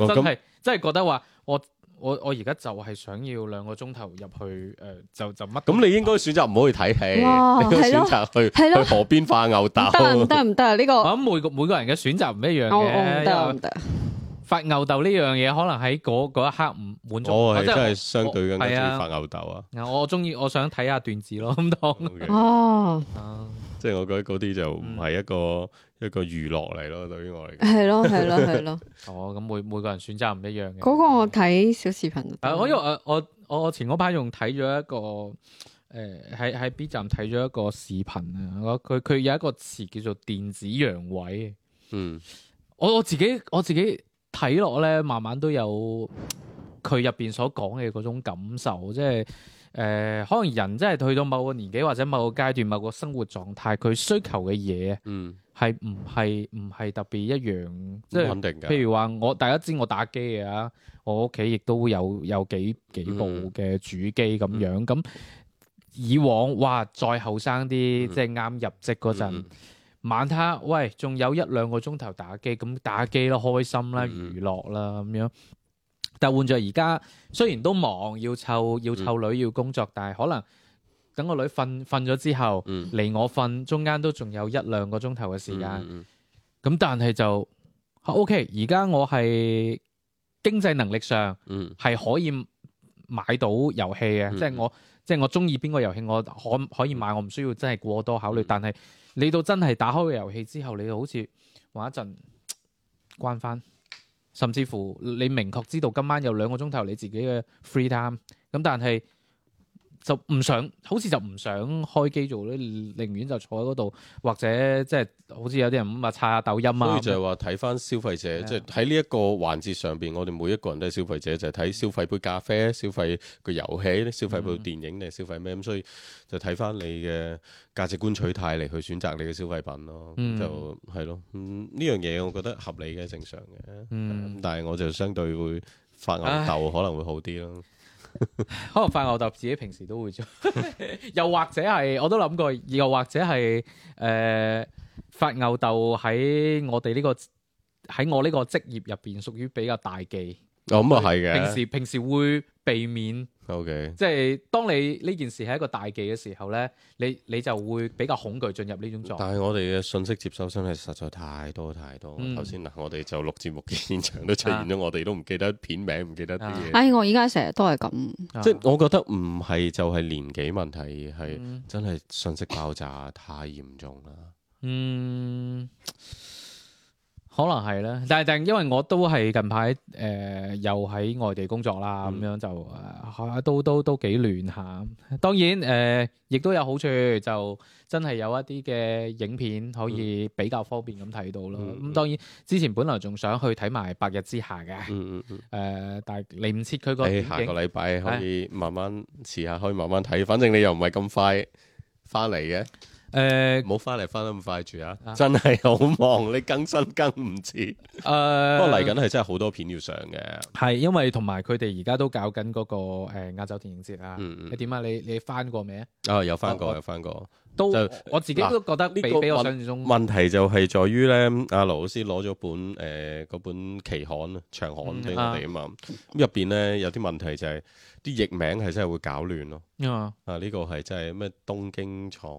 Speaker 2: 就真係，真係覺得話我我我而家就係想要兩個鐘頭入去誒，就就乜？咁
Speaker 3: 你應該選擇唔好去睇戲，你都選擇去去河邊化牛豆。得啊，
Speaker 1: 得唔得啊？呢個我
Speaker 3: 諗每個
Speaker 2: 每個人嘅選擇唔一樣嘅。得唔得？發牛豆呢樣嘢可能喺嗰一刻唔滿足。我係真係相對嘅，中意發牛豆啊。我中意我想睇下段子咯，
Speaker 3: 咁多哦。即係我覺得嗰啲就唔係一個。一個娛樂嚟咯，對於我嚟講係咯，係咯，係咯。 哦，咁每每個人選擇唔一樣嘅。嗰
Speaker 1: 個我睇小視頻，誒、
Speaker 2: 啊，我用誒，我我前嗰排仲睇咗一個誒，喺、呃、喺 B 站睇咗一個視頻啊。我佢佢有一個詞叫做電子陽痿。嗯，我我自己我自己睇落咧，慢慢都有佢入邊所講嘅嗰種感受，即係誒，可能人真係去到某個年紀或者某個階段、某個生活狀態，佢需求嘅嘢，嗯。係唔係唔係特別一樣，即係肯定嘅，譬如話我大家知我打機嘅啊，我屋企亦都有有幾幾部嘅主機咁樣。咁、嗯、以往哇再後生啲，嗯、即係啱入職嗰陣，嗯、晚黑喂仲有一兩個鐘頭打機，咁打機啦開心啦娛樂啦咁樣。但係換著而家，雖然都忙要湊要湊女要工作，但係可能。等個女瞓瞓咗之後，嚟、嗯、我瞓，中間都仲有一兩個鐘頭嘅時間。咁、嗯嗯、但係就 OK，而家我係經濟能力上係可以買到遊戲嘅，即係、嗯、我即係、就是、我中意邊個遊戲，我可可以買，我唔需要真係過多考慮。嗯嗯、但係你到真係打開個遊戲之後，你好似玩一陣關翻，甚至乎你明確知道今晚有兩個鐘頭你自己嘅 free time。咁但係。就唔想，好似就唔想開機做咧，寧願就坐喺嗰度，或者即係、就是、好似有啲人咁啊，刷下抖
Speaker 3: 音啊。所以就係話睇返消費者，即係喺呢一個環節上邊，我哋每一個人都係消費者，就係、是、睇消費杯咖啡、消費個遊戲、消費部電影定係、嗯、消費咩咁。所以就睇返你嘅價值觀取態嚟去選擇你嘅消費品、嗯、咯。就係咯，呢樣嘢我覺得合理嘅、正常嘅。嗯、但係我就相對會發吽哣可能會好啲咯。唉 可能發吽豆自己平時都會做， 又或
Speaker 2: 者係我都諗過，又或者係誒、呃、發吽豆喺我哋呢個喺我呢個職業入邊屬於比較大忌。
Speaker 3: 咁啊係嘅。平時，的平時，
Speaker 2: 平時會。避
Speaker 3: 免，OK，即
Speaker 2: 係當你呢件事係一個大忌嘅時候呢，你你就會比較恐懼進入呢種狀態。但
Speaker 3: 係我哋嘅信息接收真係實在太多太多。頭先嗱，我哋就錄節目嘅現場都出現咗，啊、我哋都唔記得片名，唔記得啲嘢、啊。哎，
Speaker 1: 我而家成日都係咁，即、啊、係
Speaker 3: 我覺得唔係就係年紀問題，係真係信息爆炸太嚴重啦。
Speaker 2: 嗯。可能係啦，但係但係，因為我都係近排誒、呃、又喺外地工作啦，咁、嗯、樣就誒、啊、都都都幾亂下。當然誒亦、呃、都有好處，就真係有一啲嘅影片可以比較方便咁睇到啦。咁、嗯嗯、當然之前本來仲想去睇埋《白日之下》嘅、嗯，誒、嗯嗯呃，但係嚟
Speaker 3: 唔切佢個，下個禮拜可以慢慢遲、哎、下可以慢慢睇，反正你又唔係咁快翻嚟嘅。誒，冇翻嚟翻得咁快住啊！真係好忙，你更新更唔切，
Speaker 2: 誒，不過嚟緊係真
Speaker 3: 係好多片要上嘅。
Speaker 2: 係因為同埋佢哋而家都搞緊嗰個誒亞洲電影節啊。你點啊？你你翻過未
Speaker 3: 啊？啊，有翻過，有翻過。都，我自己都覺得比比我想象中。問題就係在於咧，阿羅老師攞咗本誒嗰本期刊、長刊俾我哋啊嘛。咁入邊咧有啲問題就係啲譯名係真係會搞亂咯。啊呢個係真係咩東京廠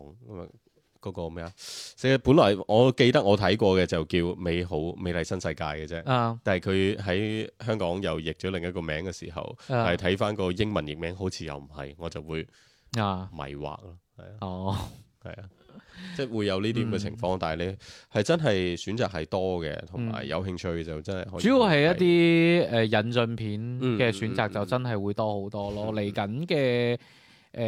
Speaker 3: 嗰個咩啊？其實本來我記得我睇過嘅就叫《美好美麗新世界》嘅啫、啊，但係佢喺香港又譯咗另一個名嘅時候，係睇翻個英文譯名，好似又唔係，我就會啊迷惑咯。係啊，啊哦，係啊，即係會有呢啲咁嘅情況。嗯、但係你係真係選擇係多嘅，同埋、嗯、有，有興趣就真係可以，主要
Speaker 2: 係一啲誒引進片嘅選擇、嗯、就真係會多好多咯。嚟緊嘅。誒、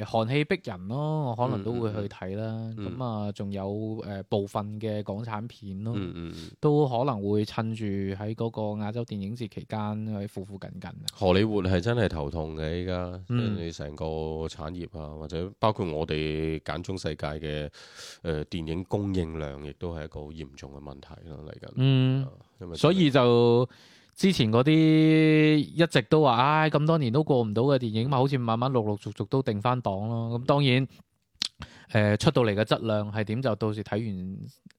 Speaker 2: 呃、寒氣逼人咯，我可能都會去睇啦。咁、嗯、啊，仲有誒、呃、部分嘅港產片咯，嗯嗯、都可能會趁住喺嗰個亞洲電影節期間喺附附近近。
Speaker 3: 荷里活係真係頭痛嘅依家，嗯、你成個產業啊，或者包括我哋簡中世界嘅誒、呃、電影供應量，亦都係一個好嚴重嘅問題咯嚟緊。嗯，所
Speaker 2: 以就。之前嗰啲一直都話，唉、哎，咁多年都過唔到嘅電影，咪好似慢慢陸陸續續都定翻檔咯。咁、嗯、當然。誒，出到嚟嘅質量係點就到時睇完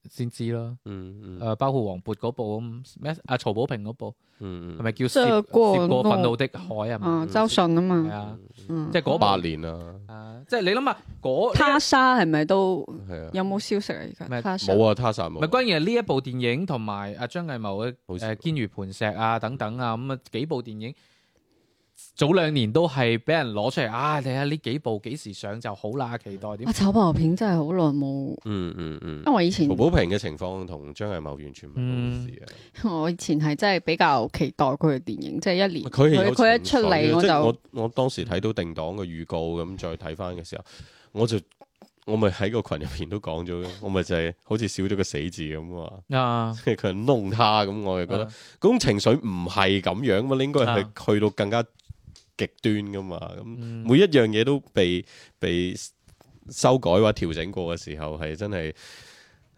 Speaker 2: 先知咯。嗯誒，包括黃渤嗰部咩啊，曹保平嗰部，嗯，係咪叫涉涉過
Speaker 1: 憤怒的海啊？啊，周迅啊嘛，係啊，即係嗰八年啊，即係你諗下他沙係咪都有冇消息啊？而家冇
Speaker 3: 啊，他沙冇。咪關於呢一
Speaker 2: 部電影同埋阿張藝謀嘅誒堅如磐石啊等等啊咁啊幾部電影。早兩年都係俾人攞出嚟，啊睇下呢幾部幾時上就好啦，
Speaker 3: 期待點？啊！曹保
Speaker 1: 平真係好耐冇，嗯嗯嗯，因為以前保平嘅
Speaker 3: 情況同張藝謀完全唔同事
Speaker 1: 嘅。我以前係真係比較期待佢嘅電影，即係一年佢佢一出嚟我就我
Speaker 3: 我當時睇到定檔嘅預告咁，再睇翻嘅時候，我就我咪喺個群入邊都講咗，我咪就係好似少咗個死字咁啊！啊，佢弄他咁，我又覺得嗰種情緒唔係咁樣啊嘛，應該係去到更加。極端噶嘛，咁、嗯、每一樣嘢都被被修改或調整過嘅時候，係真係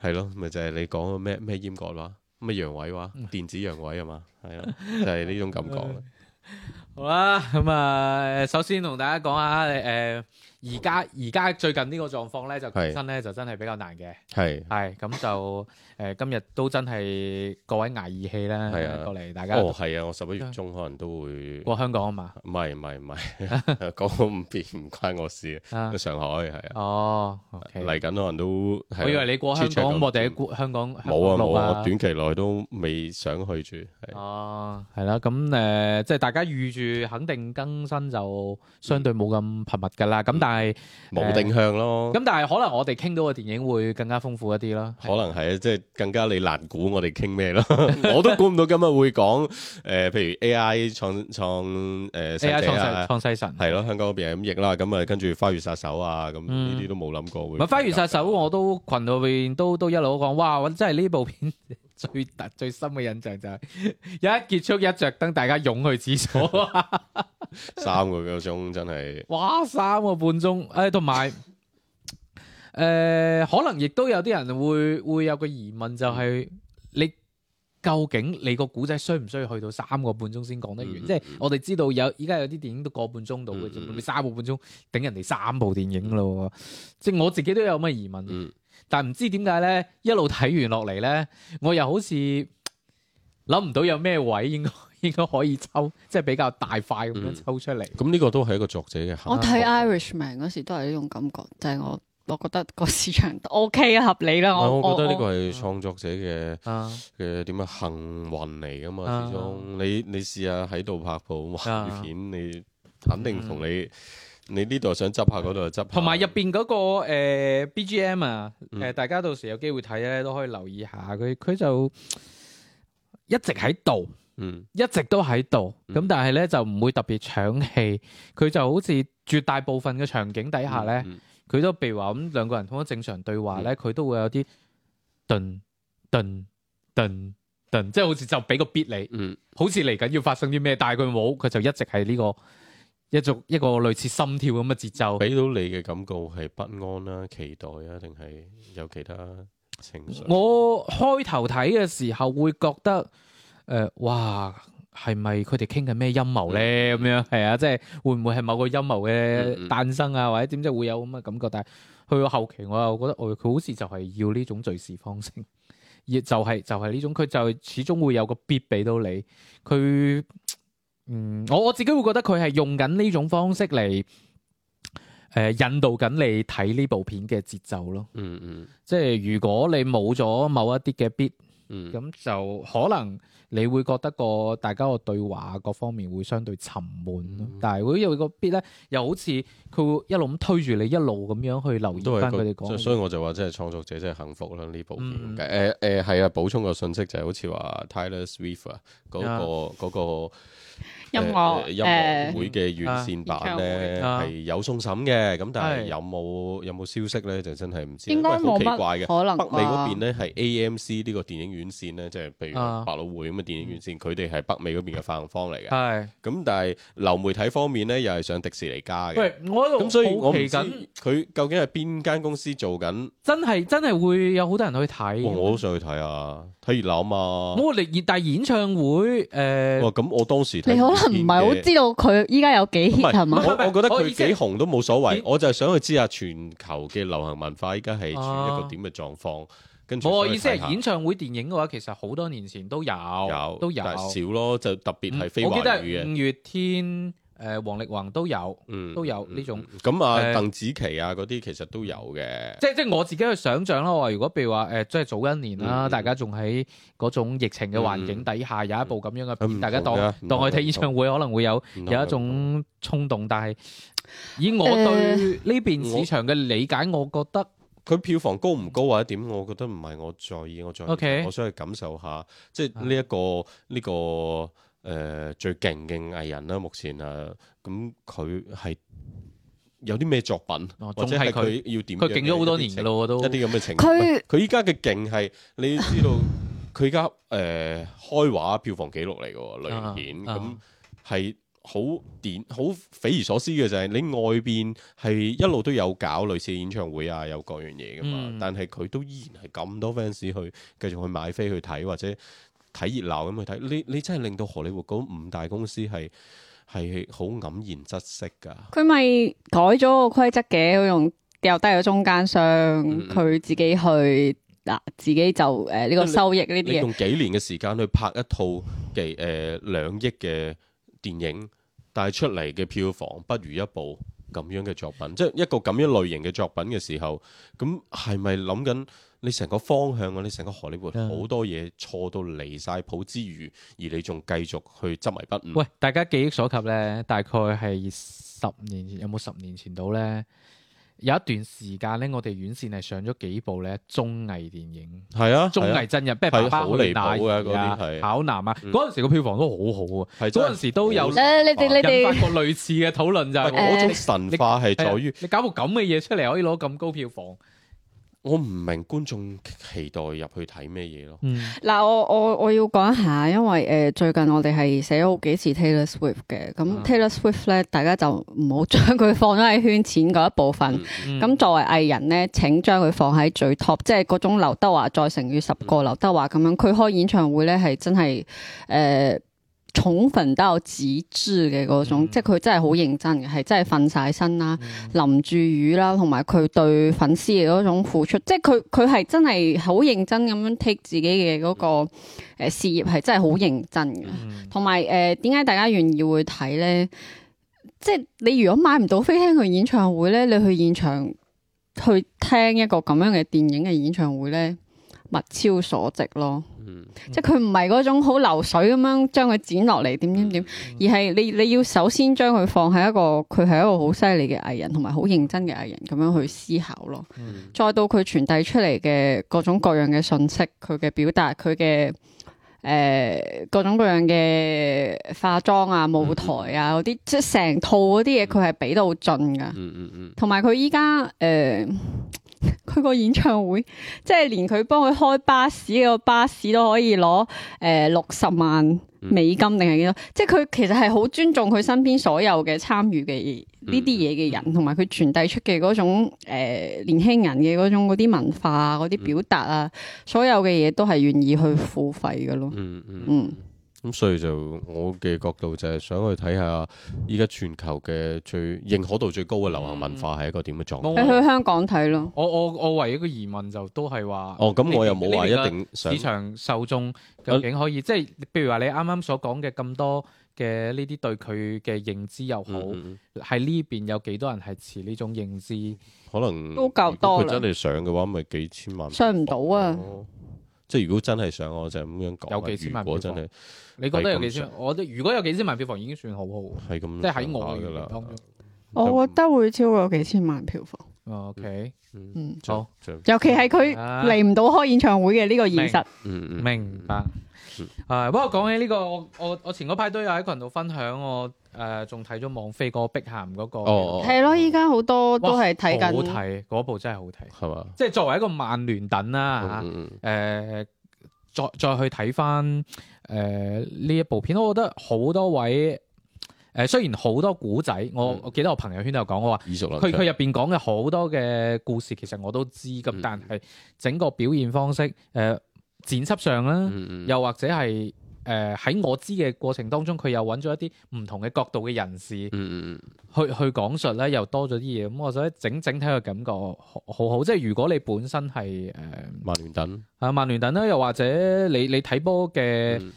Speaker 3: 係咯，咪就係、是、你講個咩咩閹割話，咩陽痿話電子陽痿係嘛，係咯， 就係呢種感覺。 嗯嗯、好
Speaker 2: 啦，咁、嗯、啊，首先同大家講下你誒。呃而家而家
Speaker 3: 最近呢個狀況咧，
Speaker 2: 就更新咧就真係比較難嘅。
Speaker 3: 係係
Speaker 2: 咁就誒，今日
Speaker 3: 都真係各位捱熱氣咧過嚟，大家。哦，係啊，我十一月中可能都會過香港啊嘛。唔係唔係唔係，講唔變唔關我事，上海係。哦。嚟緊可能都。我以為你過香港，我哋香港。冇啊冇，啊。我短期內都未想去住。哦，係啦，咁誒，即係大家
Speaker 2: 預住肯定更新就
Speaker 3: 相對冇咁頻密㗎啦。咁但.係冇定向咯，咁
Speaker 2: 但係可能我哋傾到嘅電影會更加豐富一啲咯，
Speaker 3: 可能係啊，即、就、係、是、更加你難估我哋傾咩咯，我都估唔到今日會講誒、呃，譬如 A I 創創誒創創世神係咯，嗯、香港嗰邊係咁譯啦，咁啊跟住花月殺手啊咁呢啲都冇諗過會、嗯。花月殺手
Speaker 2: 我都群裏面都都、都一路都講，哇！真係呢部片。
Speaker 3: 最最深嘅印象就係、有、
Speaker 2: 一結束一着燈，大家湧去廁所
Speaker 3: 三個鐘真係，
Speaker 2: 哇，三個半鐘，誒同埋誒，可能亦都有啲人會會有個疑問，就係你究竟你個古仔需唔需要去到三個半鐘先講得完？即係、嗯、我哋知道有依家有啲電影都個半鐘到嘅，甚至、嗯嗯、三個半鐘頂人哋三部電影咯，嗯、即係我自己都有咁嘅疑問。嗯但唔知點解咧，一路睇完落嚟咧，我又好似諗唔到有咩位應該應該可以抽，即係比較
Speaker 3: 大塊咁樣抽出嚟。咁呢、嗯、個都係一個作者嘅，我睇
Speaker 1: Irishman 嗰時都係呢種感覺，就係、是、我我覺得個市場都 O、OK、K 合理啦。我覺得呢個
Speaker 3: 係創作者嘅嘅點樣幸運嚟噶嘛？始終你你試下喺度拍部片，啊、你肯定同你。嗯你呢度想執下，嗰度又執。同埋入邊
Speaker 2: 嗰個誒 BGM 啊，誒大家到時有機會睇咧，都可以留意下佢，佢就一直喺度，嗯，一直都喺度。咁但係咧就唔會特別搶戲，佢就好似絕大部分嘅場景底下咧，佢都譬如話咁兩個人通咗正常對話咧，佢都會有啲噔噔噔噔，即係好似就俾個 beat 你，嗯，好似嚟緊要發生啲咩，但係佢冇，佢
Speaker 3: 就一直喺呢個。一族一個類似心跳咁嘅節奏，俾到你嘅感覺係不安啦、啊、期待啊，定係有其他情緒。我
Speaker 2: 開頭睇嘅時候會覺得，誒、呃，哇，係咪佢哋傾緊咩陰謀咧？咁、嗯、樣係啊，即係會唔會係某個陰謀嘅誕生啊？或者點解係會有咁嘅感覺？但係去到後期我又覺得，我佢好似就係要呢種敘事方式，亦就係、是、就係、是、呢種，佢就是、始終會有個必俾到你，佢。嗯，我我自己會覺得佢係用緊呢種方式嚟，誒引導緊你睇呢部片嘅節奏咯。嗯嗯，即係如果你冇咗某一啲嘅 bit，咁就可能你會覺得個大家個對話各方面會相對沉悶。嗯嗯，但係會有個 bit 咧，又好似佢會一路咁推住你，一路咁樣去留意翻佢哋講。所以
Speaker 3: 我就話，即係創作者真係幸福啦，啊，呢部片。誒誒，嗯欸，係，欸，啊，補充個信息就係好似話 Taylor Swift 啊，嗰，嗰個嗰個。嗯嗰個嗰個音樂音樂會嘅原線版咧係有送審嘅，咁但係有冇有冇消息咧就真係唔知，應該好奇怪嘅。可能北美嗰邊咧係 AMC 呢個電影院線咧，即係譬如百老匯咁嘅電影院線，佢哋係北美嗰邊嘅發行方嚟嘅。係咁、啊，但係流媒體方面咧又係上迪士尼加嘅。我咁所以我唔知佢究竟係邊間公司做緊。真係真係會有好多人去睇我好想去睇啊，睇熱鬧啊嘛。咁我嚟但係演唱會誒。咁、呃、我當時睇好。 唔係好知
Speaker 1: 道佢依家有幾 hit 係嘛？我我覺得佢幾
Speaker 3: 紅都冇所謂，哦、我就係想去知下全球嘅流行文化依家係處於一個點嘅狀況。啊、跟住，我意思係演唱會、電影嘅話，其實好多年前都有，有都有但係少咯，就特別係非華語嘅。五月
Speaker 2: 天。誒，王力宏都有，都有呢種。
Speaker 3: 咁啊，鄧紫棋啊，嗰啲
Speaker 2: 其實都有嘅。即係即係我自己去想像咯。如果譬如話誒，即係早一年啦，大家仲喺嗰種疫情嘅環境底下，有一部咁樣嘅片，大家當當去睇演唱會，可能會
Speaker 3: 有有一種
Speaker 2: 衝動。但係
Speaker 3: 以我對呢邊市場嘅理解，我覺得佢票房高唔高或者點？我覺得唔係我在意，我 okay，我想去感受下，即係呢一個呢個。誒、呃，最勁嘅藝人啦，目前誒，咁佢係有啲咩作品？哦、或者係佢要點？佢勁咗好多年嘅，我都一啲咁嘅情。佢佢依家嘅勁係，你知道佢依家誒開畫票房紀錄嚟嘅，類片咁係好癲，好、啊啊、匪夷所思嘅就係、是，你外邊係一路都有搞類似演唱會啊，有各樣嘢噶嘛，嗯、但係佢都依然係咁多 fans 去繼續去買飛去睇或者。睇熱鬧咁去睇，你你真係令到荷里活嗰五大公司係係好黯然失色㗎。
Speaker 1: 佢咪改咗個規則嘅，用掉低咗中間商，佢自己去嗱，自己就誒呢、呃這個收益呢啲、啊、用幾
Speaker 3: 年嘅時間去拍一套嘅誒兩億嘅電影，但係出嚟嘅票房不如一部咁樣嘅作品，即、就、係、是、一個咁樣類型嘅作品嘅時候，咁係咪諗緊？你成個方向啊！你成個荷里活好多嘢錯到離晒譜之餘，而你仲繼續去執迷不悟。喂，
Speaker 2: 大家記憶所及咧，大概係十年前，有冇十年前到咧？有一段時間咧，我哋院線係上咗幾部咧綜藝電影。係啊，綜藝真人，咩爸爸好離譜啊嗰啲，跑男啊，嗰陣時個票房都好好啊。嗰陣時都有誒，你哋你哋發過
Speaker 3: 類似嘅討論就係嗰種神化係在於你搞部咁嘅嘢出嚟，可以攞咁高票房。我唔明觀眾期待入去睇咩嘢咯。
Speaker 1: 嗱，我我我要講一下，因為誒、呃、最近我哋係寫咗好幾次 Taylor Swift 嘅，咁 Taylor Swift 咧，大家就唔好將佢放咗喺圈錢嗰一部分。咁、嗯嗯、作為藝人咧，請將佢放喺最 top，即係嗰種劉德華再成於十個劉德華咁樣。佢開演唱會咧，係真係誒。呃寵粉都有自知嘅嗰種，嗯嗯即係佢真係好認真嘅，係真係瞓晒身啦，嗯嗯淋住雨啦，同埋佢對粉絲嘅嗰種付出，即係佢佢係真係好認真咁樣 take 自己嘅嗰個誒事業，係真係好認真嘅。同埋誒，點、呃、解大家願意會睇呢？即係你如果買唔到飛聽佢演唱會呢，你去現場去聽一個咁樣嘅電影嘅演唱會呢，物超所值咯。即係佢唔係嗰種好流水咁樣將佢剪落嚟點點點，而係你你要首先將佢放喺一個佢係一個好犀利嘅藝人，同埋好認真嘅藝人咁樣去思考咯。再到佢傳遞出嚟嘅各種各樣嘅信息，佢嘅表達，佢嘅誒各種各樣嘅化妝啊、舞台啊嗰啲，即係成套嗰啲嘢，佢係俾到盡噶。同埋佢依家誒。佢個 演唱會，即係連佢幫佢開巴士嘅，巴士都可以攞，誒六十萬美金，定係幾多？即係佢其實係好尊重佢身邊所有嘅參與嘅呢啲嘢嘅人，同埋佢傳遞出嘅嗰種誒、呃、年輕人嘅嗰種嗰啲文化、嗰啲表達啊，所有嘅嘢都係願意去付費㗎咯。嗯嗯。
Speaker 3: 咁所以就我嘅角度就係想去睇下依家全球嘅最認可度最高嘅流行文化係一個點嘅狀態？你去，去香
Speaker 1: 港睇咯。我我我唯
Speaker 2: 一個疑問就都係話哦，咁我又冇話一定市場受眾究竟可以，啊、即係譬如話你啱啱所講嘅咁多嘅呢啲對佢嘅認知又好，喺呢、嗯嗯、邊有幾多人係持呢種認知？可能的的都夠多，佢真係
Speaker 3: 上嘅話咪幾千萬，
Speaker 1: 上唔到啊！
Speaker 3: 即係如果真係想我，我就咁樣講。有幾千萬票房？真係，你
Speaker 2: 覺得有幾千？我覺得如果有幾千萬票房，已經算好好。係咁，即係喺我嘅預期
Speaker 1: 我覺得會超過幾千萬票房。
Speaker 2: OK，嗯，好。尤其係佢嚟唔
Speaker 1: 到開演唱會嘅呢個現實，
Speaker 2: 明白。明白誒，不過講起呢個，我我前嗰排都有喺群度分享，我誒仲睇咗網飛嗰個《碧咸》嗰個，係咯，哦，
Speaker 1: 依家好多都係睇緊。好睇，
Speaker 2: 嗰部真係好睇，係嘛？即係作為一個曼聯躉啦吓，誒，哦嗯呃，再再去睇翻誒呢一部片，我覺得好多位誒、呃、雖然好多古仔，我、嗯、我記得我朋友圈都有講，我話佢佢入邊講嘅好多嘅故事，其實我都知咁，但係整個表現方式誒。呃呃剪輯上啦，又或者係誒喺我知嘅過程當中，佢又揾咗一啲唔同嘅角度嘅人士去、嗯、去、去講述咧，又多咗啲嘢。咁我覺得整整體嘅感覺好好，即係如果你本身係誒，曼、呃、聯等啊，曼聯等啦，又或者你你睇波嘅。嗯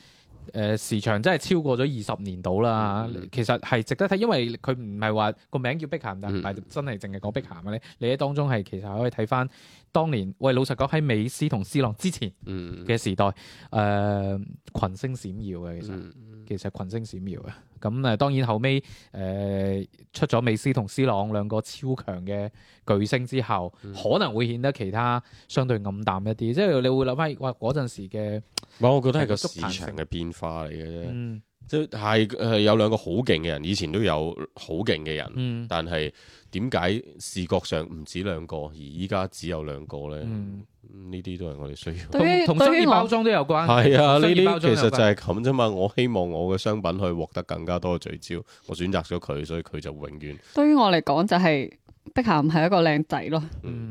Speaker 2: 誒、呃、時長真係超過咗二十年到啦，mm hmm. 其實係值得睇，因為佢唔係話個名叫碧咸，但係真係淨係講碧咸嘅咧。你喺當中係其實可以睇返當年，喂老實講喺美斯同斯朗之前嘅時代，誒、呃、羣星閃耀嘅其實其實羣星閃耀嘅。咁誒，當然後尾誒、呃、出咗美斯同 C 朗兩個超強嘅巨星之後，嗯、可能會顯得其他相對暗淡一啲，即係你會諗翻話嗰陣時嘅，
Speaker 3: 唔係我覺得係個市場嘅變化嚟嘅啫。嗯即係係有兩個好勁嘅人，以前都有好勁嘅人，嗯、但係點解視覺上唔止兩個，而依家只有兩個咧？呢啲、嗯、都係我哋需要嘅。對於同 商品包裝都有關。係啊，呢啲其實就係咁啫嘛。我希望我嘅商品去獲得更加多嘅聚焦，我選擇咗佢，所以佢就永遠。
Speaker 1: 對於我嚟講、就係，就係。碧咸係一個靚仔咯，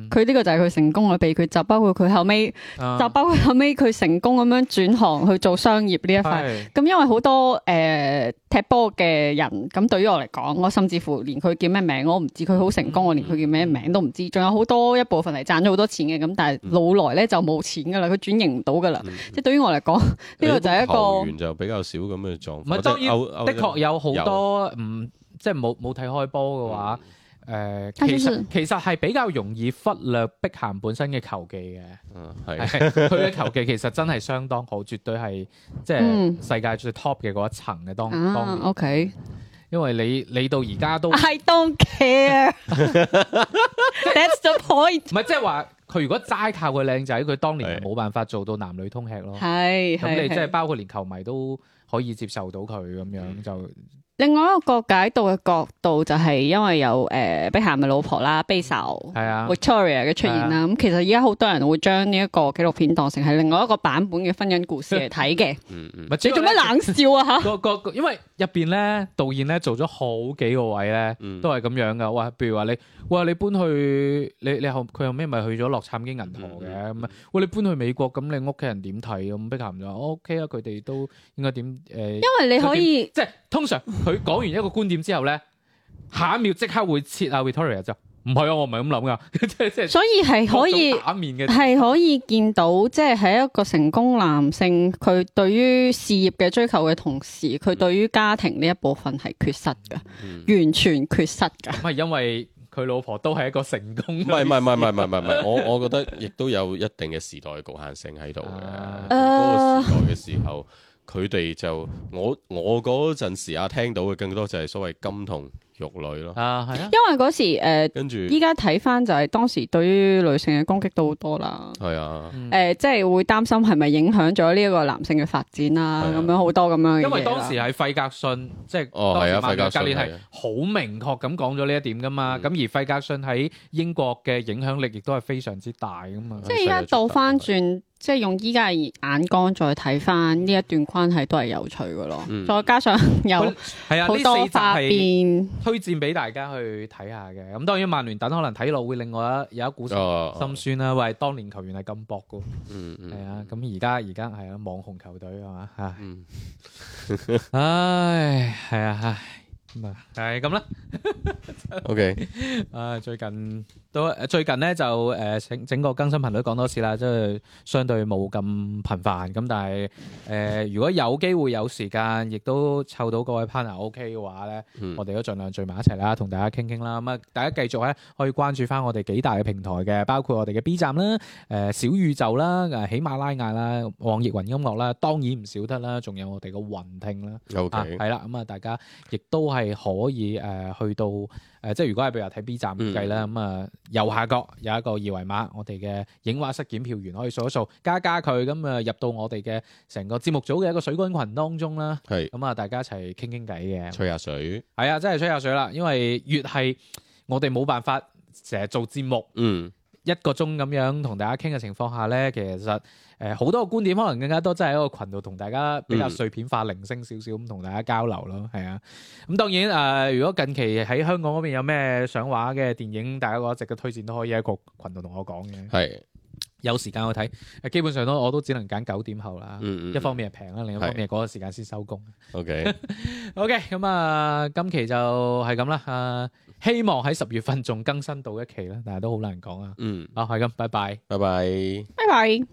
Speaker 1: 佢呢個就係佢成功嘅秘訣，就包括佢後尾，就包括後尾，佢成功咁樣轉行去做商業呢一塊。咁因為好多誒踢波嘅人，咁對於我嚟講，我甚至乎連佢叫咩名我唔知，佢好成功，我連佢叫咩名都唔知。仲有好多一部分係賺咗好多錢嘅，咁但係老來咧就冇錢噶啦，佢轉型唔到噶啦。即係對於我嚟講，呢個就係一個球
Speaker 3: 員就比較少咁嘅狀況。唔係，當然的確有好多
Speaker 2: 唔即係冇冇睇開波嘅話。誒、呃，其實其實係比較容易忽略碧咸本身嘅球技嘅，係、嗯，佢嘅 球技其實真係相當好，絕對係即係世界最 top 嘅嗰一層嘅當。當年嗯啊、OK，因為你你到而家都係 don't care 啊。That's the point 是是。唔係即係話佢如果齋靠佢靚仔，佢當年冇辦法做到男女通吃咯。係的，咁你即係包括連球迷都可以接受到佢咁樣就。
Speaker 1: 另外一個角度嘅角度就係因為有誒碧咸嘅老婆啦 b a s i c 係啊 Victoria 嘅出現啦，咁其實而家好多人會將呢一個紀錄片當成係另外一個版本嘅婚姻故事嚟睇嘅。
Speaker 2: 嗯嗯，你做咩
Speaker 1: 冷笑啊吓？個因為
Speaker 2: 入邊咧導演咧做咗好幾個位咧，都係咁樣噶。哇，譬如話你哇，你搬去你你佢後尾咪去咗洛杉磯銀河嘅咁啊？喂，你搬去美國咁，你屋企人點睇咁？碧咸就話 O K 啊，佢哋都應該點誒？因為你可以即係。通常佢講完一個觀點之後咧，下一秒即刻會切啊 Victoria 就唔係啊，我唔係咁諗噶， 即係所以係可以打面嘅，係可
Speaker 1: 以見到即係喺一個成功男性佢對於事業嘅追求嘅同時，佢對於家庭呢一部分係缺失噶，嗯嗯、完全缺失噶。唔係因
Speaker 2: 為佢老婆都係一個成功，唔係唔係唔係唔係唔係唔係， 我 我
Speaker 3: 覺得亦都有一定嘅時代局限性喺度嘅，嗰個時代嘅時候。佢哋就我我嗰陣時啊，聽到嘅更多就係所謂金童玉女咯。啊，係啊，
Speaker 1: 因為嗰時誒，跟住依家睇翻就係當時對於女性嘅攻擊都好多啦。
Speaker 3: 係啊，誒、嗯，
Speaker 1: 即係、呃就是、會擔心係咪影響咗呢一個男性嘅發展啊？咁、啊、樣好多咁樣。因為當時
Speaker 2: 喺費格遜，即係費格遜係好明確咁講咗呢一點噶嘛。咁、啊嗯、而費格遜喺英國嘅影響力亦都係非常之大噶嘛。即係而家倒翻
Speaker 1: 轉。即係用依家眼光再睇翻呢一段關係都係有趣嘅咯，嗯、再加上有好多花邊、
Speaker 2: 啊、推薦俾大家去睇下嘅。咁當然曼聯等可能睇落會另外有一股心酸啦，哦哦、喂，當年球員係咁薄嘅、嗯。嗯嗯，啊，咁而家而家係啊網紅球隊係嘛嚇？嗯，唉係啊唉，係咁啦。OK，啊，啊，啊，啊，啊，啊最近。最近咧就誒，整整個更新頻率講多次啦，即係相對冇咁頻繁咁，但係誒、呃、如果有機會有時間，亦都湊到各位 partner OK 嘅話咧，嗯、我哋都盡量聚埋一齊啦，同大家傾傾啦。咁啊，大家繼續咧可以關注返我哋幾大嘅平台嘅，包括我哋嘅 B 站啦、誒小宇宙啦、喜馬拉雅啦、網易雲音樂啦，當然唔少得啦，仲有我哋嘅雲聽啦，係啦 Okay.、啊，咁啊，大家亦都係可以誒去到。誒，即係、嗯、如果係，譬如話睇 B 站計啦，咁啊、嗯嗯、右下角有一個二維碼，我哋嘅映畫室檢票員可以掃一掃，加加佢，咁、嗯、啊入到我哋嘅成個節目組嘅一個水軍群當中啦。係是，咁啊、嗯、大家一齊傾傾偈嘅。吹下水，係啊，真係吹下水啦，因為越係我哋冇辦法成日做節目，嗯。一個鐘咁樣同大家傾嘅情況下呢，其實誒好多嘅觀點可能更加多，真係一個群度同大家比較碎片化、嗯、零星少少咁同大家交流咯，係啊。咁、嗯、當然誒、呃，如果近期喺香港嗰邊有咩上畫嘅電影，大家個一直嘅推薦都可以喺個群度同我講嘅。係是有時間去睇，基本上都我都只能揀九點後啦。嗯嗯嗯，一方面係平啦，的另一方面係嗰個時間先收工。OK OK，咁、嗯、啊，今期就係咁啦。呃呃希望喺十月份仲更新到一期啦，但係都好難講啊。嗯、哦，好，係咁，拜拜，拜拜，
Speaker 1: 拜拜。